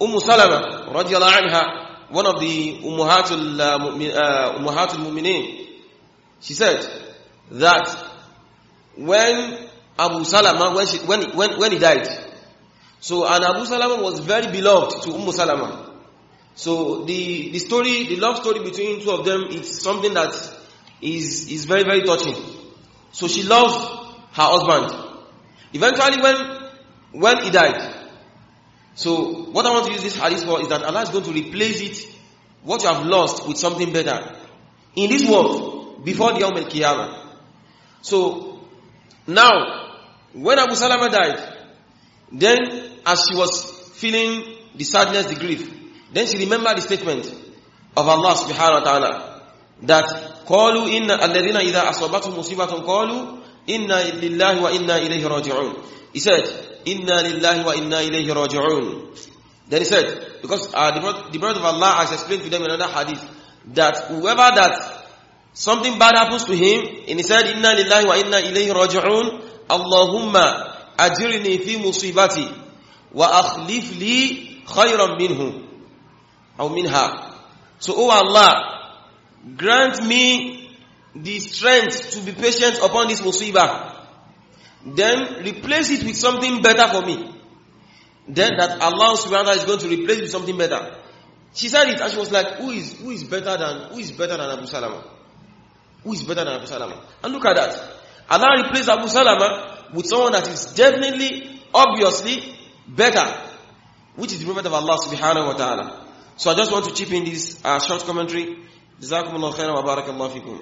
Umm Salama, radiallahu anha, one of the Ummahatul uh, Mu'mineen, uh, she said that when Abu Salama, when, she, when, when, when he died, so and Abu Salama was very beloved to Umm Salama. So the, the story, the love story between two of them, is something that is, is very, very touching. So she loves her husband. Eventually when, when he died, so what I want to use this hadith for is that Allah is going to replace it, what you have lost with something better. In this world, before the Yawm al So, now, when Abu Salama died, then as she was feeling the sadness, the grief, then she remembered the statement of Allah subhanahu wa ta'ala that qalu inna alladhina idha asabatuhum musibatan qalu inna lillahi wa inna ilayhi he said inna lillahi wa inna ilayhi then he said because uh, the, the word of Allah has explained to them in another hadith that whoever that something bad happens to him and he said inna lillahi wa inna ilayhi raji'un allahumma ajirni fi musibati wa akhlif li minhu aw minha so oh Allah Grant me the strength to be patient upon this musibah. Then replace it with something better for me. Then that Allah subhanahu wa is going to replace it with something better. She said it and she was like, Who is who is better than who is better than Abu Salama? Who is better than Abu Salama? And look at that. Allah replaced Abu Salama with someone that is definitely, obviously better, which is the Prophet of Allah subhanahu wa ta'ala. So I just want to chip in this uh, short commentary جزاكم الله خيرا وبارك الله فيكم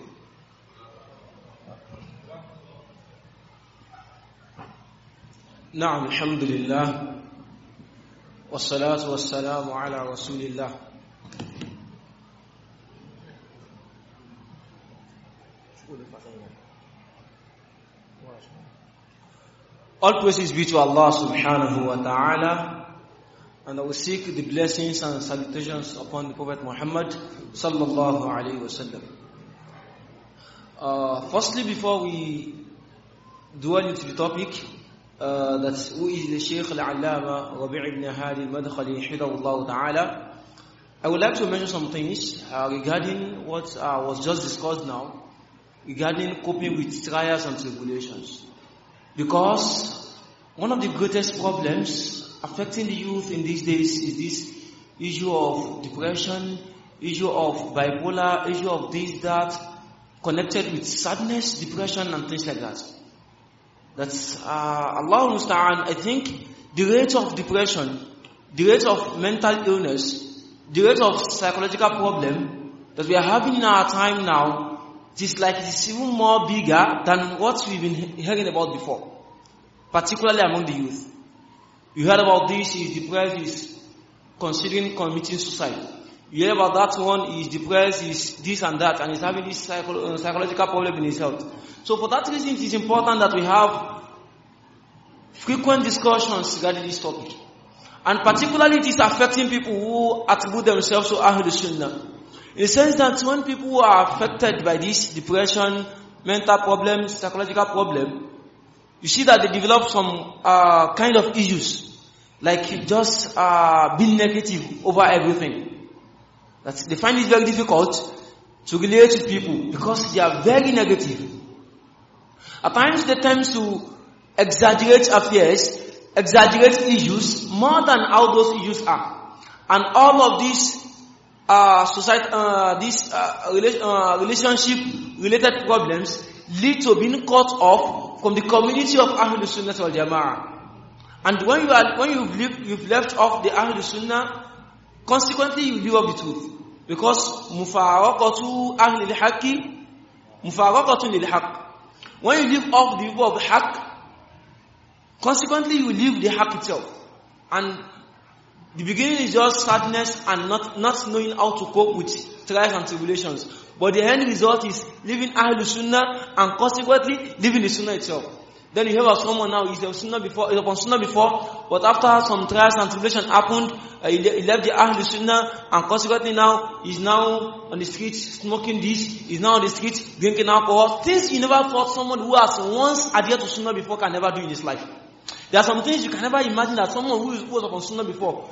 نعم الحمد لله والصلاة والسلام على رسول الله All praise is be to Allah subhanahu wa ta'ala and I will seek the blessings and salutations upon the Prophet Muhammad sallallahu alaihi wasallam. Uh, firstly, before we dwell into the topic, uh, that who is the Shaykh Al-Allama Rabi' ibn Hadi Madkhali Hidawullah Ta'ala, I would like to mention some things uh, regarding what uh, was just discussed now, regarding coping with trials and tribulations. Because one of the greatest problems affecting the youth in these days is this issue of depression, issue of bipolar, issue of this, that, connected with sadness, depression, and things like that. That's uh, Allah Musta'an. I think the rate of depression, the rate of mental illness, the rate of psychological problem that we are having in our time now, it is like it is even more bigger than what we've been hearing about before, particularly among the youth. You heard about this, is depressed, is considering committing suicide. You heard about that one, is depressed, is this and that, and he's having this psycho uh, psychological problem in his health. So for that reason, it is important that we have frequent discussions regarding this topic. And particularly it is affecting people who attribute themselves to Ahlul Sunnah. In the sense that when people are affected by this depression, mental problems, psychological problem, you see that they develop some uh, kind of issues, like just uh, being negative over everything. That they find it very difficult to relate to people because they are very negative. At times they tend to exaggerate affairs, exaggerate issues more than how those issues are. And all of these uh, society, uh, these uh, rela uh, relationship related problems lead to being cut off from the community of Ahlul Sunnah wal Jama'ah. And when you are, when you've, you've left off the Ahlul Sunnah, consequently you leave off the truth. Because mufaraqatu ahlil haqqi, mufaraqatu Nil haqq. When you leave off the people of haqq, consequently you leave the haqq itself. And the beginning is just sadness and not, not knowing how to cope with trials and tribulations. But the end result is leaving Ahlul Sunnah and consequently leaving the Sunnah itself. Then you have someone now, he's on Sunnah before, he's upon Sunnah before, but after some trials and tribulation happened, uh, he left the Ahlul Sunnah and consequently now he's now on the streets smoking this, he's now on the streets drinking alcohol. Things you never thought someone who has once adhered to Sunnah before can never do in his life. There are some things you can never imagine that someone who was upon Sunnah before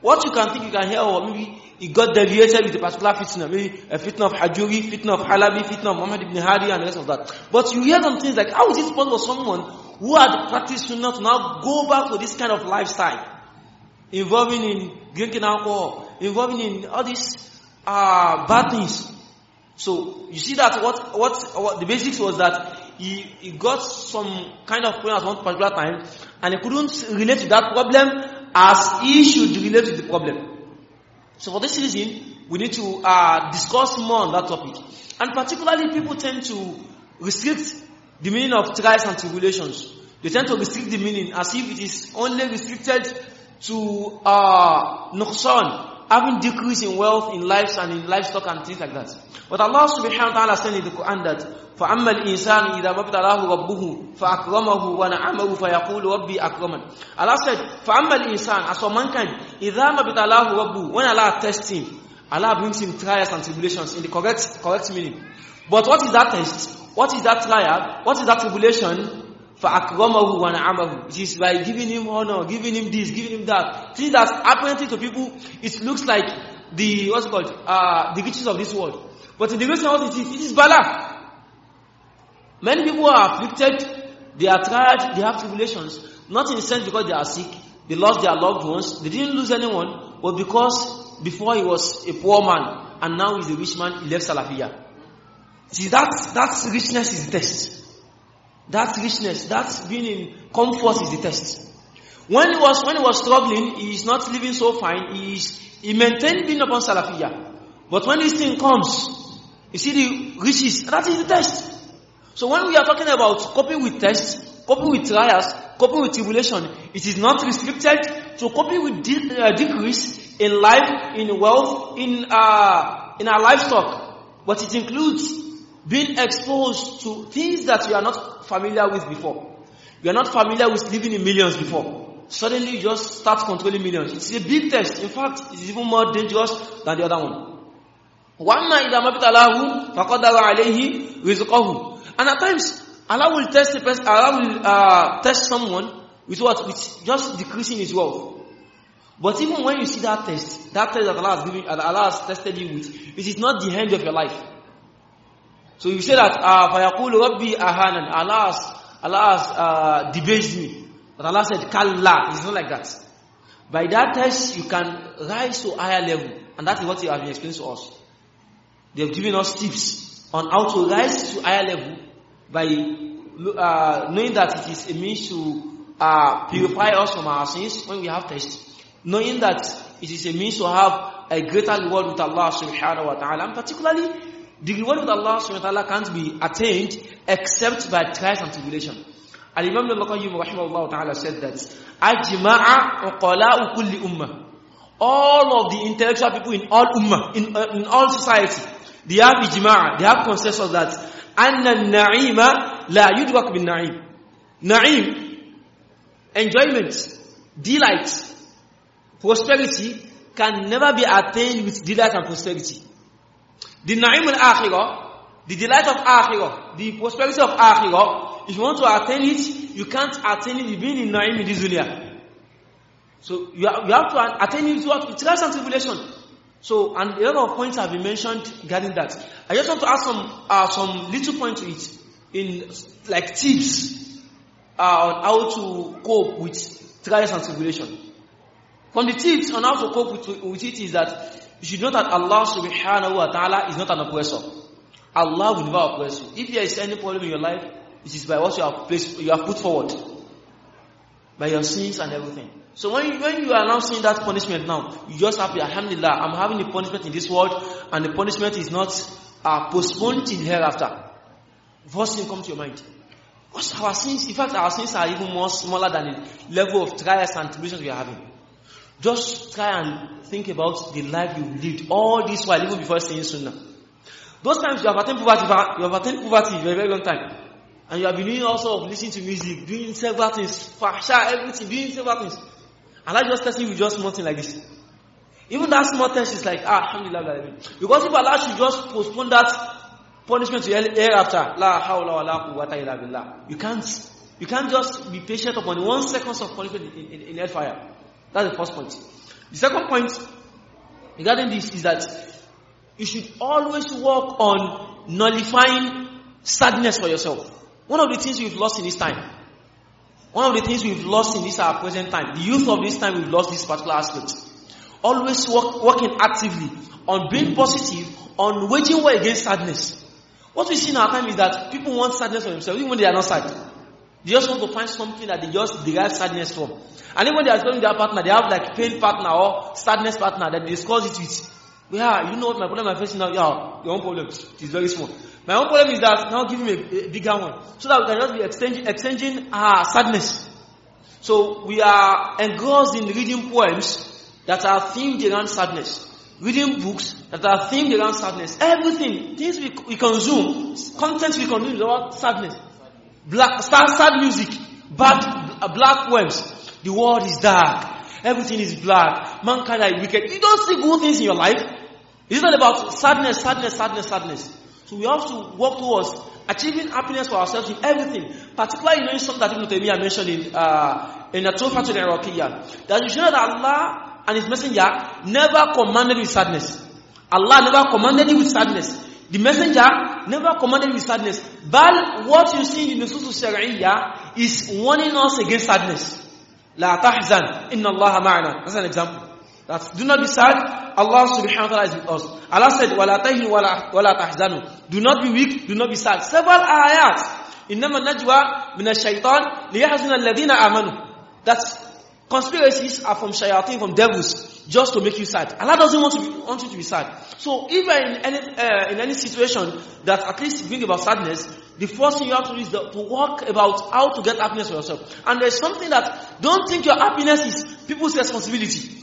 what you can think you can hear, or maybe it got deviated with a particular fitna, maybe a fitna of Hajuri, fitna of Halabi, fitna of Muhammad ibn Hadi, and the rest of that. But you hear some things like, how is it possible someone who had practiced sunnah to now go back to this kind of lifestyle? Involving in drinking alcohol, involving in all these uh, bad things. So you see that what, what, what the basics was that he, he, got some kind of problem at one particular time and he couldn't relate to that problem as issues related to the problem. So for this reason, we need to uh, discuss more on that topic. And particularly, people tend to restrict the meaning of trials and tribulations. They tend to restrict the meaning as if it is only restricted to uh, nuqsan, having decrease in wealth, in lives and in livestock and things like that. But Allah subhanahu wa ta'ala said in the Quran that فَأَمَّا الْإِنسَانُ إِذَا مَبْتَلَاهُ رَبُّهُ فَأَكْرَمَهُ وَنَعَمَهُ فَيَقُولُ رَبِّي أَكْرَمَنِ Allah said, فَأَمَّا الْإِنسَانُ As for mankind, إِذَا مَبْتَلَاهُ رَبُّهُ When Allah tests him, Allah brings him trials and tribulations in the correct, correct meaning. But what is that test? What is that trial? What is that tribulation? For فأكرمه ونعمه. It is by giving him honor, giving him this, giving him that. Things that's happening to people, it looks like the, what's called, uh, the riches of this world. But in the grace of it is, it is Bala. Many people are afflicted, they are tired, they have tribulations, not in the sense because they are sick, they lost their loved ones, they didn't lose anyone, but because before he was a poor man, and now he's a rich man, he left Salafia. See, that, that richness is the test. That richness, that being in comfort is the test. When he was when he was struggling, he is not living so fine. He is he maintained being upon Salafiyah. But when this thing comes, you see the riches. That is the test. So when we are talking about coping with tests, coping with trials, coping with tribulation, it is not restricted to coping with de uh, decrease in life, in wealth, in uh, in our livestock, but it includes being exposed to things that you are not familiar with before. You are not familiar with living in millions before. Suddenly you just start controlling millions. It's a big test. In fact, it's even more dangerous than the other one. And at times, Allah will test a person, Allah will uh, test someone with what? With just decreasing his wealth. But even when you see that test, that test that Allah has given, that Allah has tested you with, it is not the end of your life. So you say that, فَيَقُولُ رَبِّي أَهَانًا Allah has, Allah has uh, debased me. But Allah said, Kalla. It's not like that. By that test, you can rise to higher level. And that is what you have been explaining to us. They have given us tips on how to rise to higher level by uh, knowing that it is a means to uh, purify us from our sins when we have test. Knowing that it is a means to have a greater reward with Allah subhanahu wa ta'ala. And particularly, the reward with Allah subhanahu wa ta'ala can't be attained except by trials and tribulation. remember Imam al-Qayyim rahimahullah ta'ala said that, أَجْمَعَ عُقَلَاءُ كُلِّ ummah. All of the intellectual people in all ummah, in, uh, in all society, they have ijma'a, they have consensus that, أَنَّ la لَا يُدْوَكْ بِالنَّعِيمِ Na'im, enjoyment, delight, prosperity can never be attained with delight and prosperity. The Naim al-Akhirah, the delight of Akhirah, the prosperity of Akhirah, if you want to attain it, you can't attain it being in Naim in this dunya. So you have, you have to attain it through trials and tribulation. So, and a lot of points have been mentioned regarding that. I just want to add some, uh, some little points to it in like tips uh, on how to cope with trials and tribulation. From the tips on how to cope with, with it is that you should know that Allah subhanahu wa ta'ala is not an oppressor. Allah will never oppress you. If there is any problem in your life, it is by what you have placed, you have put forward. By your sins and everything. So when you, when you are now seeing that punishment now, you just have to, alhamdulillah, I'm having the punishment in this world and the punishment is not uh, postponed till hereafter. First thing comes to your mind. Because our sins, in fact, our sins are even more smaller than the level of trials and tribulations we are having. Just try and think about the life you lived all this while, even before saying Sunnah. Those times you have attained poverty, you have attained poverty for a very long time. And you have been doing all sorts of listening to music, doing several things, fahsha, everything, doing several things. And I just test you just small thing like this. Even that small test is like, ah, alhamdulillah. Because if Allah should just postpone that punishment to hereafter, la hawla wa la quwwata illa billah. You can't, you can't just be patient upon one second of punishment in, in, in hellfire. That's the first point. The second point regarding this is that you should always work on nullifying sadness for yourself. One of the things we've lost in this time, one of the things we've lost in this our present time, the youth of this time, we've lost this particular aspect. Always work, working actively on being positive, on waging war against sadness. What we see in our time is that people want sadness for themselves, even when they are not sad. They just want to find something that they just derive sadness from. And even when they are telling their partner, they have like pain partner or sadness partner that they discuss it with. Yeah, you know what my problem I'm facing now? Yeah, your own problem. It is very small. My own problem is that now give me a, a bigger one. So that we can just be exchanging, exchanging our sadness. So we are engrossed in reading poems that are themed around sadness. Reading books that are themed around sadness. Everything, things we, we consume, content we consume is about sadness. Black, sad music, bad, black worms. The world is dark. Everything is black. Mankind are wicked. You don't see good things in your life. It's not about sadness, sadness, sadness, sadness. So we have to work towards achieving happiness for ourselves in everything. Particularly, in something that Ibn mentioned in, uh, in the Tawfah to the Iraqiyah. That you should know that Allah and His Messenger never commanded with sadness. Allah never commanded you with sadness. The messenger never commanded with sadness. But what you see in the Nusus Sharia is warning us against sadness. La tahzan, inna Allah ma'ana. That's an example. That do not be sad, Allah subhanahu wa ta'ala is with us. Allah said, wala tahinu tahzanu. Do not be weak, do not be sad. Several ayats. Innama najwa min ash-shaytan liyahzuna alladhina amanu. That's conspiracies are from shayateen, from devils just to make you sad. Allah doesn't want, be, want you to be sad. So if you're in any, uh, in any situation that at least bring about sadness, the first thing you have to do is the, to work about how to get happiness for yourself. And there's something that don't think your happiness is people's responsibility.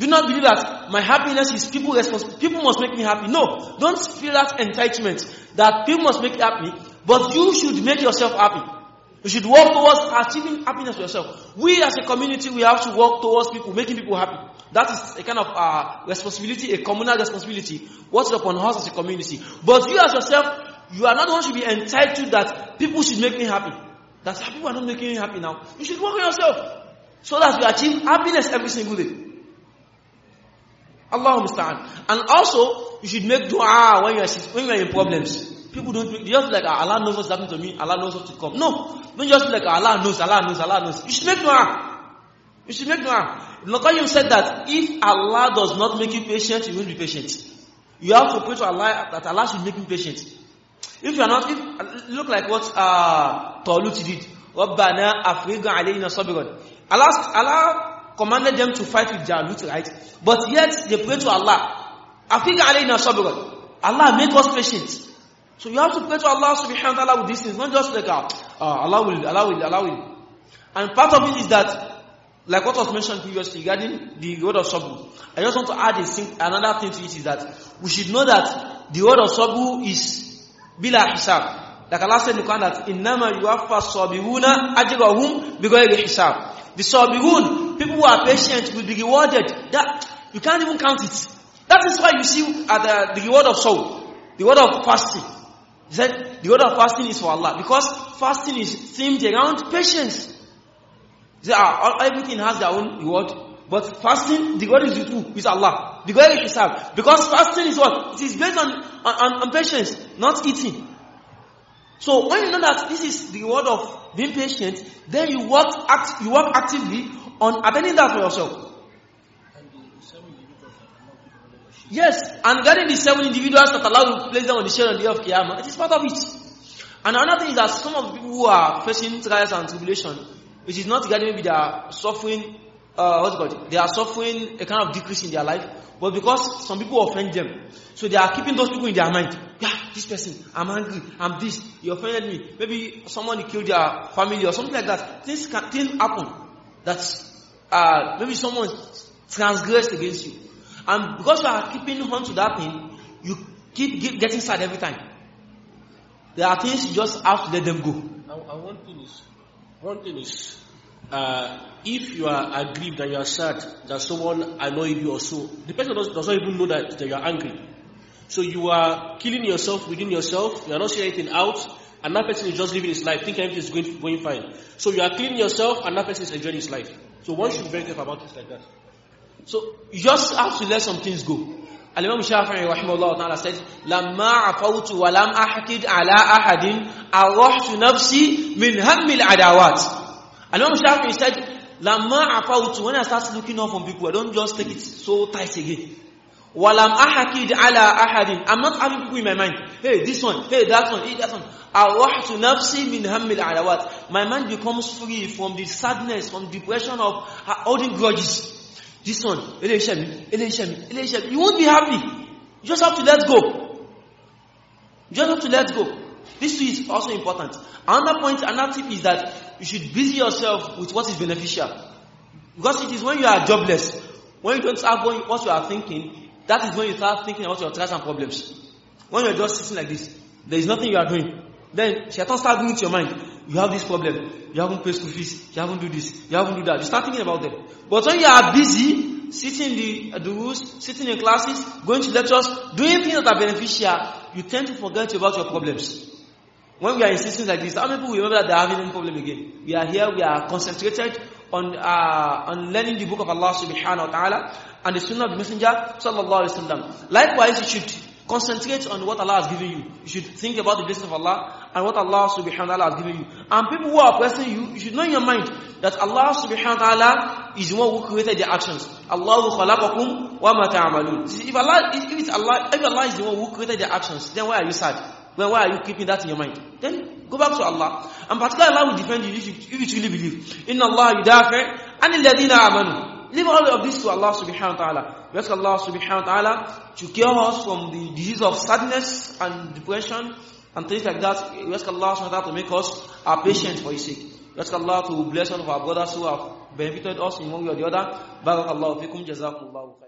Do not believe that my happiness is people respons. People must make me happy. No, don't feel that entitlement that people must make you happy, but you should make yourself happy. You should work towards achieving happiness for yourself. We as a community, we have to work towards people, making people happy. That is a kind of uh, responsibility, a communal responsibility. What's upon us as a community. But you as yourself, you are not the one should be entitled that people should make me happy. That people are not making you happy now. You should work on yourself so that you achieve happiness every single day. understand. And also, you should make dua when you are, when you are in problems. People don't make, just like ah, Allah knows what's happening to me, Allah knows what's to come. No, don't just like ah, Allah knows, Allah knows, Allah knows. You should make dua. You should make dua. you said that if Allah does not make you patient, you will be patient. You have to pray to Allah that Allah should make you patient. If you are not, if, look like what uh, Talut did. رَبَّنَا أَفْرِغْ عَلَيْنَا Allah, Allah commanded them to fight with Jalut, right? But yet they prayed to Allah. Allah make us patient. So you have to pray to Allah subhanahu wa ta'ala with these things, not just like, uh, uh, Allah will, Allah will, Allah will. And part of it is that, like what was mentioned previously regarding the word of Sabu, I just want to add thing, another thing to it is that we should know that the word of Sabu is bila hisab. Like Allah said in the Quran that, إِنَّمَا يُوَفَّى الصَّابِرُونَ أَجْرَهُمْ بِغَيْرِ hisab. The Sabirun, people who are patient will be rewarded. That, you can't even count it. That is why you see at the, uh, the reward of soul, the word of fasting. He said, the word of fasting is for Allah. Because fasting is themed around patience. There, ah, all, everything has their own reward. But fasting, the word is with who? With Allah. The God is serve. Because fasting is what? It is based on, on, on patience, not eating. So when you know that this is the word of being patient, then you work, act, you work actively on abandoning that for yourself. Yes, And regarding the seven individuals that Allah will place them on the share on the day of Qiyamah, it is part of it. And another thing is that some of the people who are facing trials and tribulation, which is not regarding maybe they are suffering, uh, what's it called? They are suffering a kind of decrease in their life, but because some people offend them. So they are keeping those people in their mind. Yeah, this person, I'm angry, I'm this, he offended me. Maybe someone killed their family or something like that. Things can things happen that uh, maybe someone transgressed against you. And because you are keeping on to that thing, you keep getting sad every time. There are things you just have to let them go. I, one want is, One thing is, uh, if you are aggrieved and you are sad that someone annoyed you or so, the person does, does not even know that, that you are angry. So you are killing yourself within yourself, you are not seeing anything out, and that person is just living his life, thinking everything is going, going fine. So you are killing yourself, and that person is enjoying his life. So one should be very careful about things like that. So you just have to let some things go. Al-Imam Shafi'i rahimahullah ta'ala said, "Lamma afawtu wa lam ahkid ala ahadin arahtu nafsi min hammil adawat." Al-Imam Shafi'i said, "Lamma afawtu when I start looking off on people, I don't just take it so tight again. Wa lam ahkid ala ahadin. I'm not having people in my mind. Hey, this one, hey, that one, hey, that one. Arahtu nafsi min hammil adawat. My mind becomes free from the sadness, from depression of holding grudges. This one, elation, elation, elation. You won't be happy. You just have to let go. You just have to let go. This too is also important. Another point, another tip is that you should busy yourself with what is beneficial. Because it is when you are jobless, when you don't have what you are thinking, that is when you start thinking about your trials and problems. When you're just sitting like this, there is nothing you are doing. Then Shaitan starts going to your mind. You have this problem. You haven't paid school fees. You haven't do this. You haven't do that. You start thinking about them. But when you are busy, sitting in the, uh, the rules, sitting in classes, going to lectures, doing things that are beneficial, you tend to forget about your problems. When we are in systems like this, how many people remember that they are having any problem again? We are here, we are concentrated on, uh, on learning the book of Allah subhanahu wa ta'ala and the sunnah of the messenger sallallahu alaihi wasallam. Likewise, you should concentrate on what Allah has given you. You should think about the blessings of Allah and what Allah subhanahu wa ta'ala has given you. And people who are oppressing you, you should know in your mind that Allah subhanahu wa ta'ala is the one who created the actions. Allah khalaqakum wa ma If Allah, if it's Allah, if Allah is the one who created the actions, then why are you sad? Then why are you keeping that in your mind? Then go back to Allah. And particularly Allah will defend you if you, if you truly believe. in Allah you yudafi anil ladina amanu. Leave all of this to Allah subhanahu wa ta'ala. We ask Allah subhanahu wa ta'ala to cure us from the disease of sadness and depression and things like that. We ask Allah SWT to make us our patient for His sake. We ask Allah to bless all of our brothers who have benefited us in one way or the other. Barakallahu fikum, jazakumullahu khair.